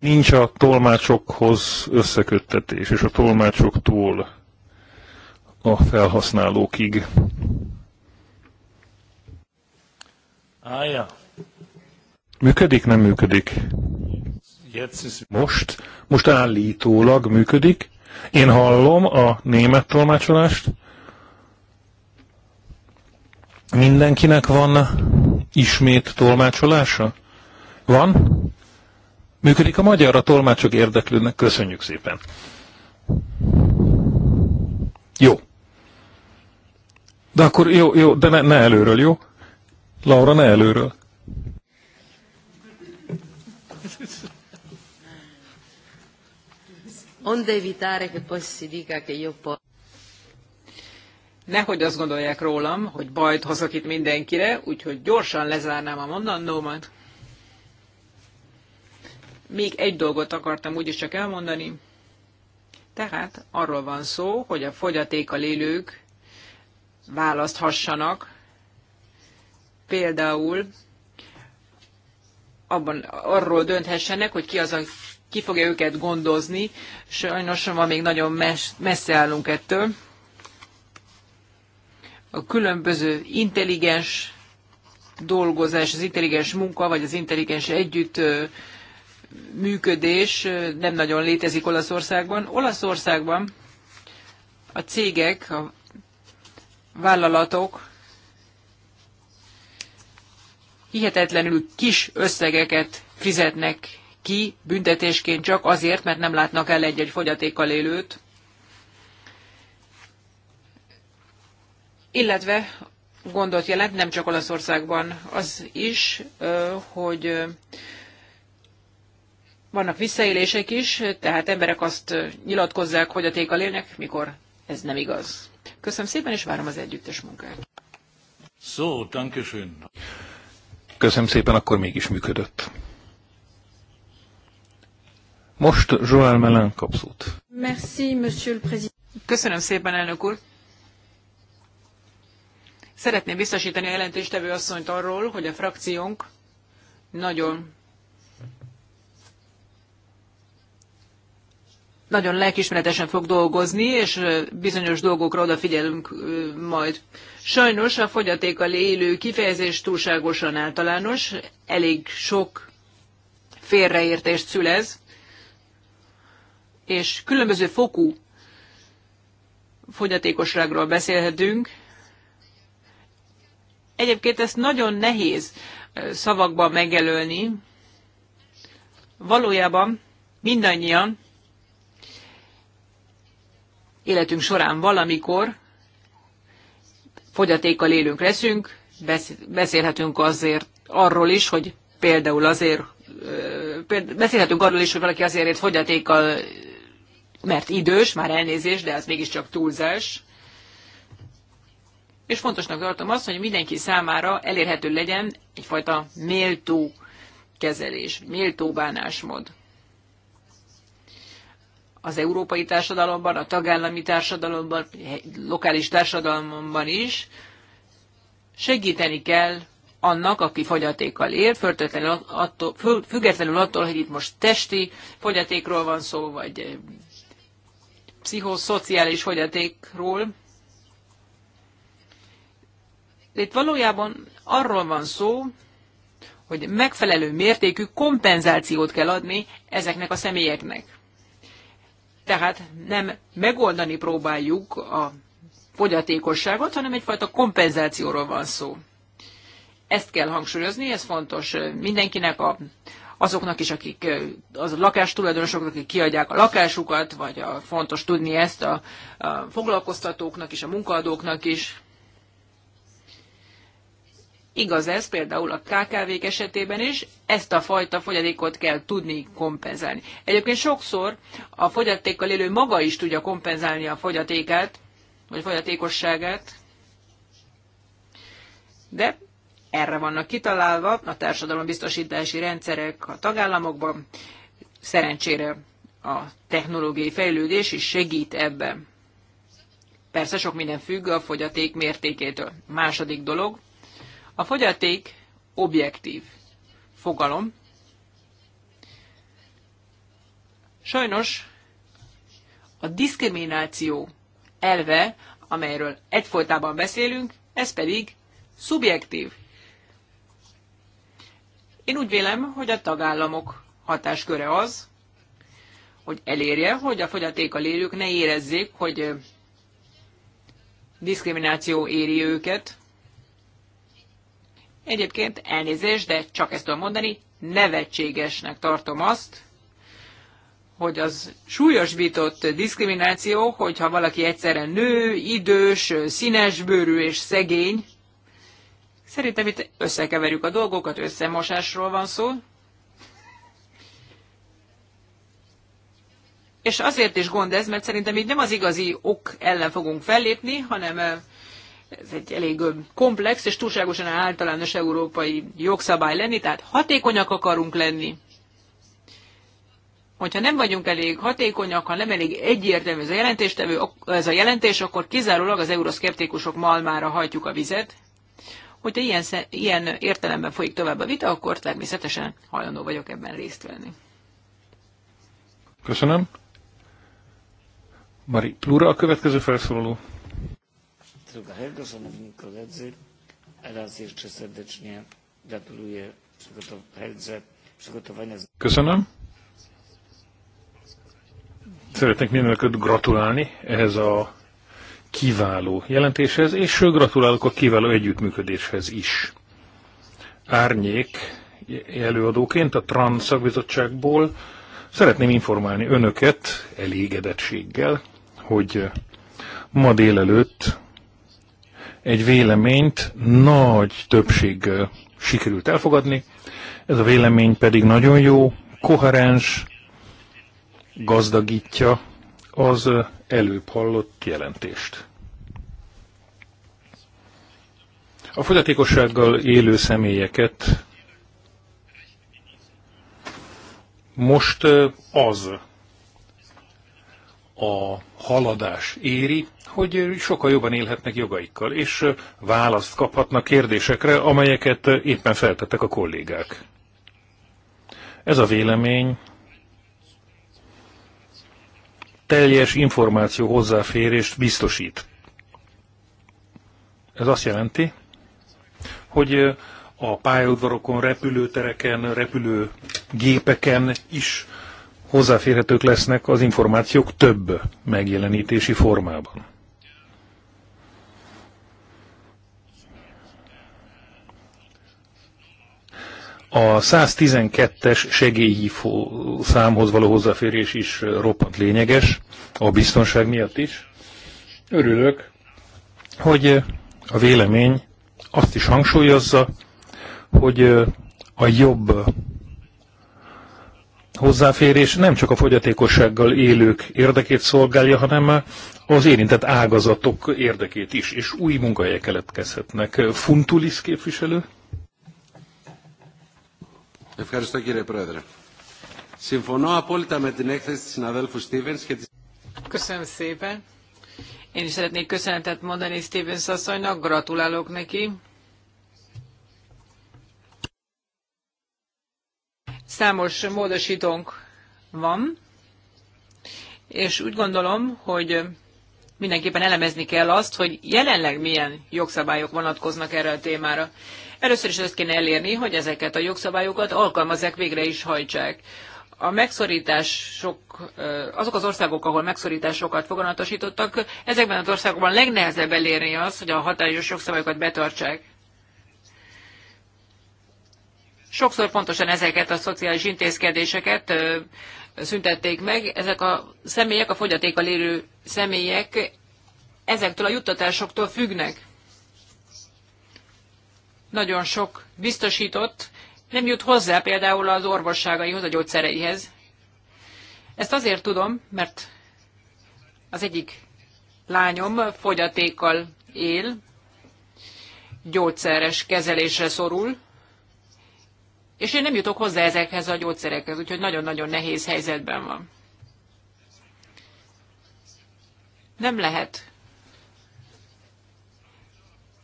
Nincs a tolmácsokhoz összeköttetés, és a tolmácsoktól a felhasználókig. Ah, ja. Működik, nem működik? Most? Most állítólag működik. Én hallom a német tolmácsolást. Mindenkinek van ismét tolmácsolása? Van? Működik a magyar, a tolmácsok érdeklődnek, köszönjük szépen. Jó. De akkor jó, jó, de ne, ne előről, jó? Laura, ne előről. Onde evitare che poi si dica che io posso nehogy azt gondolják rólam, hogy bajt hozok itt mindenkire, úgyhogy gyorsan lezárnám a mondandómat. Még egy dolgot akartam úgyis csak elmondani. Tehát arról van szó, hogy a a lélők választhassanak például abban arról dönthessenek, hogy ki az, a, ki fogja őket gondozni. Sajnos van még nagyon messze állunk ettől a különböző intelligens dolgozás, az intelligens munka, vagy az intelligens együtt működés nem nagyon létezik Olaszországban. Olaszországban a cégek, a vállalatok hihetetlenül kis összegeket fizetnek ki büntetésként csak azért, mert nem látnak el egy-egy fogyatékkal élőt. illetve gondot jelent nem csak Olaszországban az is, hogy vannak visszaélések is, tehát emberek azt nyilatkozzák, fogyatékkal élnek, mikor ez nem igaz. Köszönöm szépen, és várom az együttes munkát. So, danke Köszönöm szépen, akkor mégis működött. Most Joël Melen kapszót. Merci, monsieur le président. Köszönöm szépen, elnök úr. Szeretném biztosítani a jelentéstevő asszonyt arról, hogy a frakciónk nagyon nagyon lelkismeretesen fog dolgozni, és bizonyos dolgokra odafigyelünk majd. Sajnos a fogyatékkal élő kifejezés túlságosan általános, elég sok félreértést szülez, és különböző fokú fogyatékosságról beszélhetünk, Egyébként ezt nagyon nehéz szavakban megelőni. Valójában mindannyian életünk során valamikor fogyatékkal élünk leszünk, beszélhetünk azért arról is, hogy például azért, beszélhetünk arról is, hogy valaki azért ért fogyatékkal, mert idős, már elnézés, de ez mégiscsak túlzás és fontosnak tartom azt, hogy mindenki számára elérhető legyen egyfajta méltó kezelés, méltó bánásmód. Az európai társadalomban, a tagállami társadalomban, lokális társadalomban is segíteni kell annak, aki fogyatékkal él, függetlenül attól, hogy itt most testi fogyatékról van szó, vagy pszichoszociális fogyatékról, de itt valójában arról van szó, hogy megfelelő mértékű kompenzációt kell adni ezeknek a személyeknek. Tehát nem megoldani próbáljuk a fogyatékosságot, hanem egyfajta kompenzációról van szó. Ezt kell hangsúlyozni, ez fontos mindenkinek, a, azoknak is, akik az lakástulajdonosoknak, akik kiadják a lakásukat, vagy a, fontos tudni ezt a, a foglalkoztatóknak is, a munkaadóknak is. Igaz ez például a KKV-k esetében is, ezt a fajta fogyatékot kell tudni kompenzálni. Egyébként sokszor a fogyatékkal élő maga is tudja kompenzálni a fogyatékát, vagy fogyatékosságát, de erre vannak kitalálva a társadalombiztosítási rendszerek a tagállamokban. Szerencsére a technológiai fejlődés is segít ebben. Persze sok minden függ a fogyaték mértékétől. Második dolog, a fogyaték objektív fogalom. Sajnos a diszkrimináció elve, amelyről egyfolytában beszélünk, ez pedig szubjektív. Én úgy vélem, hogy a tagállamok hatásköre az, hogy elérje, hogy a fogyatékkal élők ne érezzék, hogy diszkrimináció éri őket, Egyébként elnézést, de csak ezt tudom mondani, nevetségesnek tartom azt, hogy az súlyosbított diszkrimináció, hogyha valaki egyszerre nő, idős, színesbőrű és szegény, szerintem itt összekeverjük a dolgokat, összemosásról van szó, És azért is gond ez, mert szerintem így nem az igazi ok ellen fogunk fellépni, hanem ez egy elég komplex és túlságosan általános európai jogszabály lenni, tehát hatékonyak akarunk lenni. Hogyha nem vagyunk elég hatékonyak, ha nem elég egyértelmű ez a, jelentéstevő, ez a jelentés, akkor kizárólag az euroszkeptikusok malmára hajtjuk a vizet. Hogyha ilyen, ilyen értelemben folyik tovább a vita, akkor természetesen hajlandó vagyok ebben részt venni. Köszönöm. Mari Plura a következő felszólaló drugego. Szanowni koledzy, raz jeszcze serdecznie gratuluję Heldze przygotowania. Köszönöm. Szeretnék mindenkit gratulálni ehhez a kiváló jelentéshez, és gratulálok a kiváló együttműködéshez is. Árnyék előadóként a Trans szakbizottságból szeretném informálni önöket elégedettséggel, hogy ma délelőtt egy véleményt nagy többség sikerült elfogadni, ez a vélemény pedig nagyon jó, koherens, gazdagítja az előbb hallott jelentést. A fogyatékossággal élő személyeket most az a haladás éri, hogy sokkal jobban élhetnek jogaikkal, és választ kaphatnak kérdésekre, amelyeket éppen feltettek a kollégák. Ez a vélemény teljes információ hozzáférést biztosít. Ez azt jelenti, hogy a pályaudvarokon, repülőtereken, repülőgépeken is hozzáférhetők lesznek az információk több megjelenítési formában. A 112-es segélyhívó számhoz való hozzáférés is roppant lényeges, a biztonság miatt is. Örülök, hogy a vélemény azt is hangsúlyozza, hogy a jobb hozzáférés nem csak a fogyatékossággal élők érdekét szolgálja, hanem az érintett ágazatok érdekét is, és új munkahelyek keletkezhetnek. Funtulis képviselő? Köszönöm szépen. Én is szeretnék köszönetet mondani Stevens asszonynak, gratulálok neki. Számos módosítónk van, és úgy gondolom, hogy mindenképpen elemezni kell azt, hogy jelenleg milyen jogszabályok vonatkoznak erre a témára. Először is azt kéne elérni, hogy ezeket a jogszabályokat alkalmazzák, végre is hajtsák. A megszorítások, azok az országok, ahol megszorításokat foganatosítottak, ezekben az országokban legnehezebb elérni az, hogy a hatályos jogszabályokat betartsák. Sokszor pontosan ezeket a szociális intézkedéseket szüntették meg. Ezek a személyek, a fogyatékkal élő személyek ezektől a juttatásoktól függnek. Nagyon sok biztosított nem jut hozzá például az orvosságaihoz, a gyógyszereihez. Ezt azért tudom, mert az egyik lányom fogyatékkal él, gyógyszeres kezelésre szorul, és én nem jutok hozzá ezekhez a gyógyszerekhez, úgyhogy nagyon-nagyon nehéz helyzetben van. Nem lehet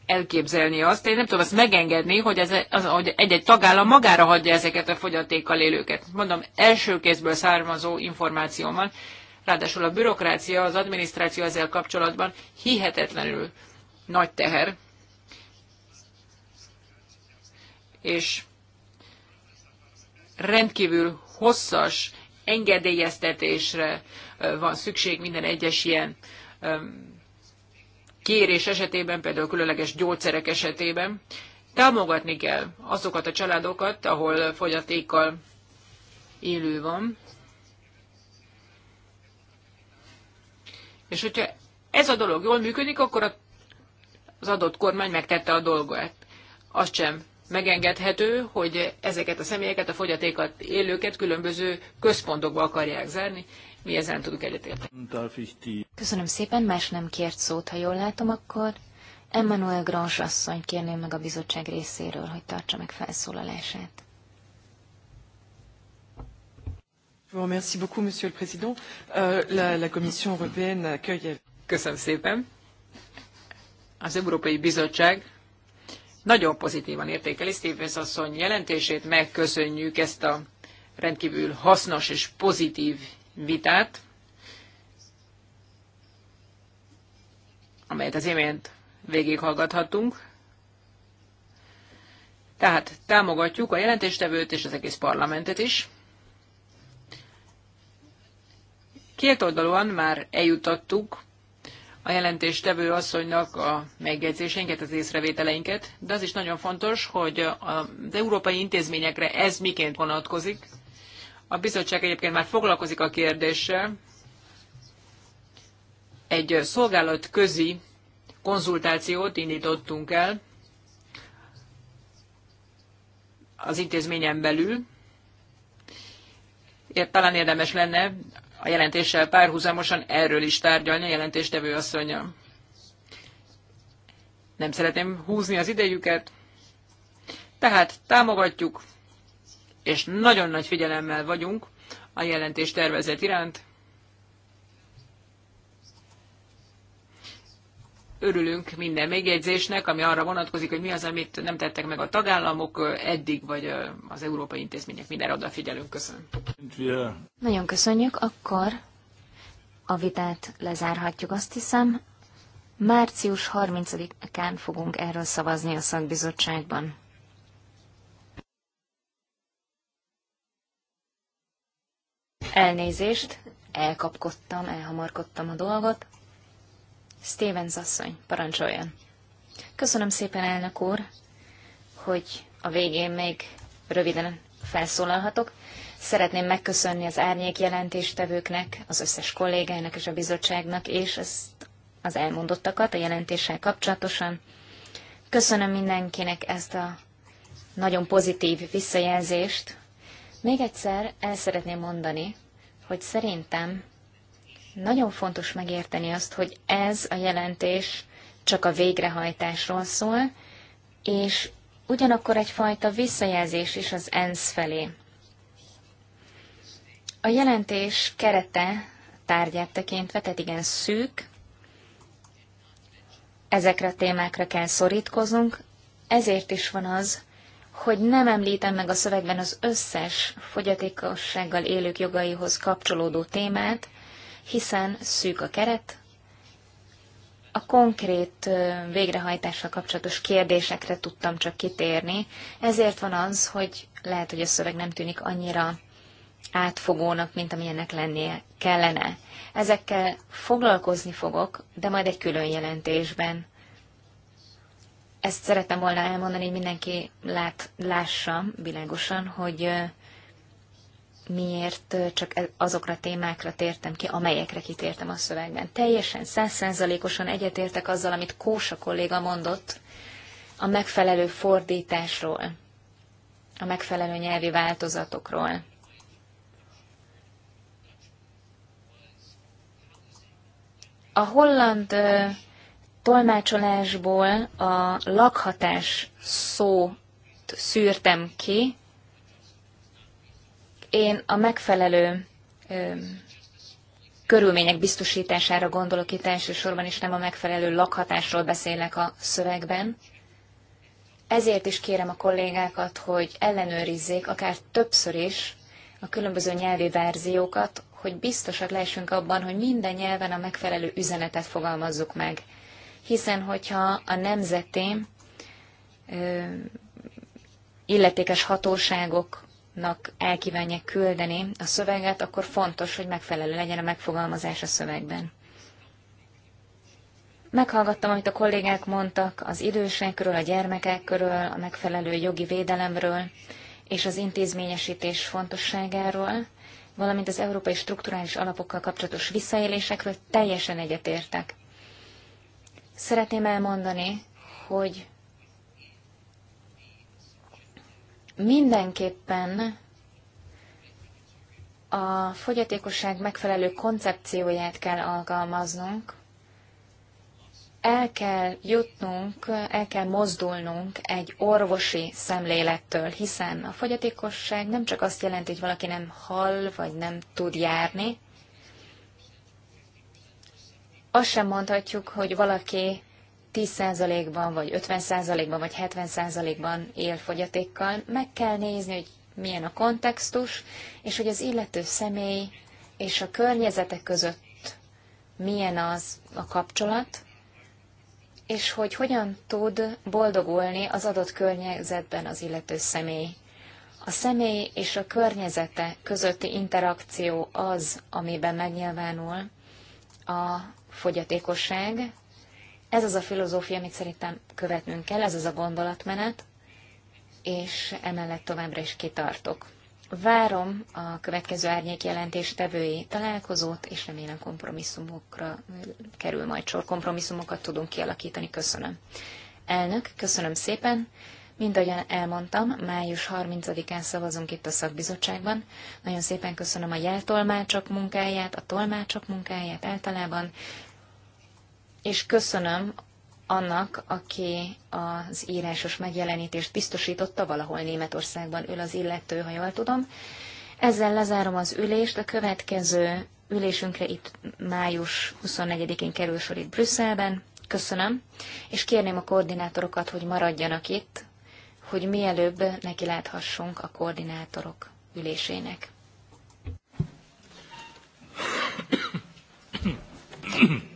elképzelni azt, én nem tudom azt megengedni, hogy, ez, az, hogy egy-egy tagállam magára hagyja ezeket a fogyatékkal élőket. Mondom, első kézből származó információ van, ráadásul a bürokrácia, az adminisztráció ezzel kapcsolatban hihetetlenül nagy teher. És rendkívül hosszas engedélyeztetésre van szükség minden egyes ilyen kérés esetében, például különleges gyógyszerek esetében. Támogatni kell azokat a családokat, ahol fogyatékkal élő van. És hogyha ez a dolog jól működik, akkor az adott kormány megtette a dolgát. Azt sem megengedhető, hogy ezeket a személyeket, a fogyatékat élőket különböző központokba akarják zárni. Mi ezen tudunk egyetérteni. Köszönöm szépen, más nem kért szót, ha jól látom, akkor Emmanuel Grange asszony kérném meg a bizottság részéről, hogy tartsa meg felszólalását. Euh, Köszönöm szépen. Az Európai Bizottság nagyon pozitívan értékeli Stevens asszony jelentését, megköszönjük ezt a rendkívül hasznos és pozitív vitát, amelyet az imént végighallgathattunk. Tehát támogatjuk a jelentéstevőt és az egész parlamentet is. Két már eljutottuk a jelentéstevő asszonynak a megjegyzéseinket, az észrevételeinket, de az is nagyon fontos, hogy az európai intézményekre ez miként vonatkozik. A bizottság egyébként már foglalkozik a kérdéssel. Egy szolgálat közi konzultációt indítottunk el az intézményen belül. talán érdemes lenne a jelentéssel párhuzamosan erről is tárgyalni a jelentéstevő asszonya. Nem szeretném húzni az idejüket, tehát támogatjuk, és nagyon nagy figyelemmel vagyunk a jelentés tervezet iránt. örülünk minden megjegyzésnek, ami arra vonatkozik, hogy mi az, amit nem tettek meg a tagállamok eddig, vagy az európai intézmények. Mindenre odafigyelünk. Köszönöm. Nagyon köszönjük. Akkor a vitát lezárhatjuk, azt hiszem. Március 30-án fogunk erről szavazni a szakbizottságban. Elnézést, elkapkodtam, elhamarkodtam a dolgot. Stevens asszony, parancsoljon. Köszönöm szépen, elnök úr, hogy a végén még röviden felszólalhatok. Szeretném megköszönni az árnyék jelentéstevőknek, az összes kollégának és a bizottságnak, és ezt az elmondottakat a jelentéssel kapcsolatosan. Köszönöm mindenkinek ezt a nagyon pozitív visszajelzést. Még egyszer el szeretném mondani, hogy szerintem nagyon fontos megérteni azt, hogy ez a jelentés csak a végrehajtásról szól, és ugyanakkor egyfajta visszajelzés is az ENSZ felé. A jelentés kerete tárgyát tekintve, tehát igen szűk, ezekre a témákra kell szorítkoznunk, ezért is van az, hogy nem említem meg a szövegben az összes fogyatékossággal élők jogaihoz kapcsolódó témát, hiszen szűk a keret, a konkrét végrehajtással kapcsolatos kérdésekre tudtam csak kitérni, ezért van az, hogy lehet, hogy a szöveg nem tűnik annyira átfogónak, mint amilyennek lennie kellene. Ezekkel foglalkozni fogok, de majd egy külön jelentésben. Ezt szeretem volna elmondani, hogy mindenki lát, lássa világosan, hogy miért csak e- azokra a témákra tértem ki, amelyekre kitértem a szövegben. Teljesen százszerzalékosan egyetértek azzal, amit Kósa kolléga mondott a megfelelő fordításról, a megfelelő nyelvi változatokról. A holland tolmácsolásból a lakhatás szót szűrtem ki, én a megfelelő ö, körülmények biztosítására gondolok itt elsősorban, és nem a megfelelő lakhatásról beszélek a szövegben. Ezért is kérem a kollégákat, hogy ellenőrizzék, akár többször is, a különböző nyelvi verziókat, hogy biztosak lehessünk abban, hogy minden nyelven a megfelelő üzenetet fogalmazzuk meg. Hiszen, hogyha a nemzeti illetékes hatóságok nak elkívánják küldeni a szöveget, akkor fontos, hogy megfelelő legyen a megfogalmazás a szövegben. Meghallgattam, amit a kollégák mondtak az idősekről, a gyermekekről, a megfelelő jogi védelemről és az intézményesítés fontosságáról, valamint az európai strukturális alapokkal kapcsolatos visszaélésekről teljesen egyetértek. Szeretném elmondani, hogy mindenképpen a fogyatékosság megfelelő koncepcióját kell alkalmaznunk, el kell jutnunk, el kell mozdulnunk egy orvosi szemlélettől, hiszen a fogyatékosság nem csak azt jelenti, hogy valaki nem hall, vagy nem tud járni, azt sem mondhatjuk, hogy valaki 10%-ban, vagy 50%-ban, vagy 70%-ban él fogyatékkal. Meg kell nézni, hogy milyen a kontextus, és hogy az illető személy és a környezetek között milyen az a kapcsolat, és hogy hogyan tud boldogulni az adott környezetben az illető személy. A személy és a környezete közötti interakció az, amiben megnyilvánul a fogyatékosság, ez az a filozófia, amit szerintem követnünk kell, ez az a gondolatmenet, és emellett továbbra is kitartok. Várom a következő árnyék jelentés tevői találkozót, és remélem kompromisszumokra kerül majd sor. Kompromisszumokat tudunk kialakítani. Köszönöm. Elnök, köszönöm szépen. Mint ahogyan elmondtam, május 30-án szavazunk itt a szakbizottságban. Nagyon szépen köszönöm a jeltolmácsok munkáját, a tolmácsok munkáját általában és köszönöm annak, aki az írásos megjelenítést biztosította, valahol Németországban ül az illető, ha jól tudom. Ezzel lezárom az ülést, a következő ülésünkre itt május 24-én kerül sor itt Brüsszelben. Köszönöm, és kérném a koordinátorokat, hogy maradjanak itt, hogy mielőbb neki láthassunk a koordinátorok ülésének.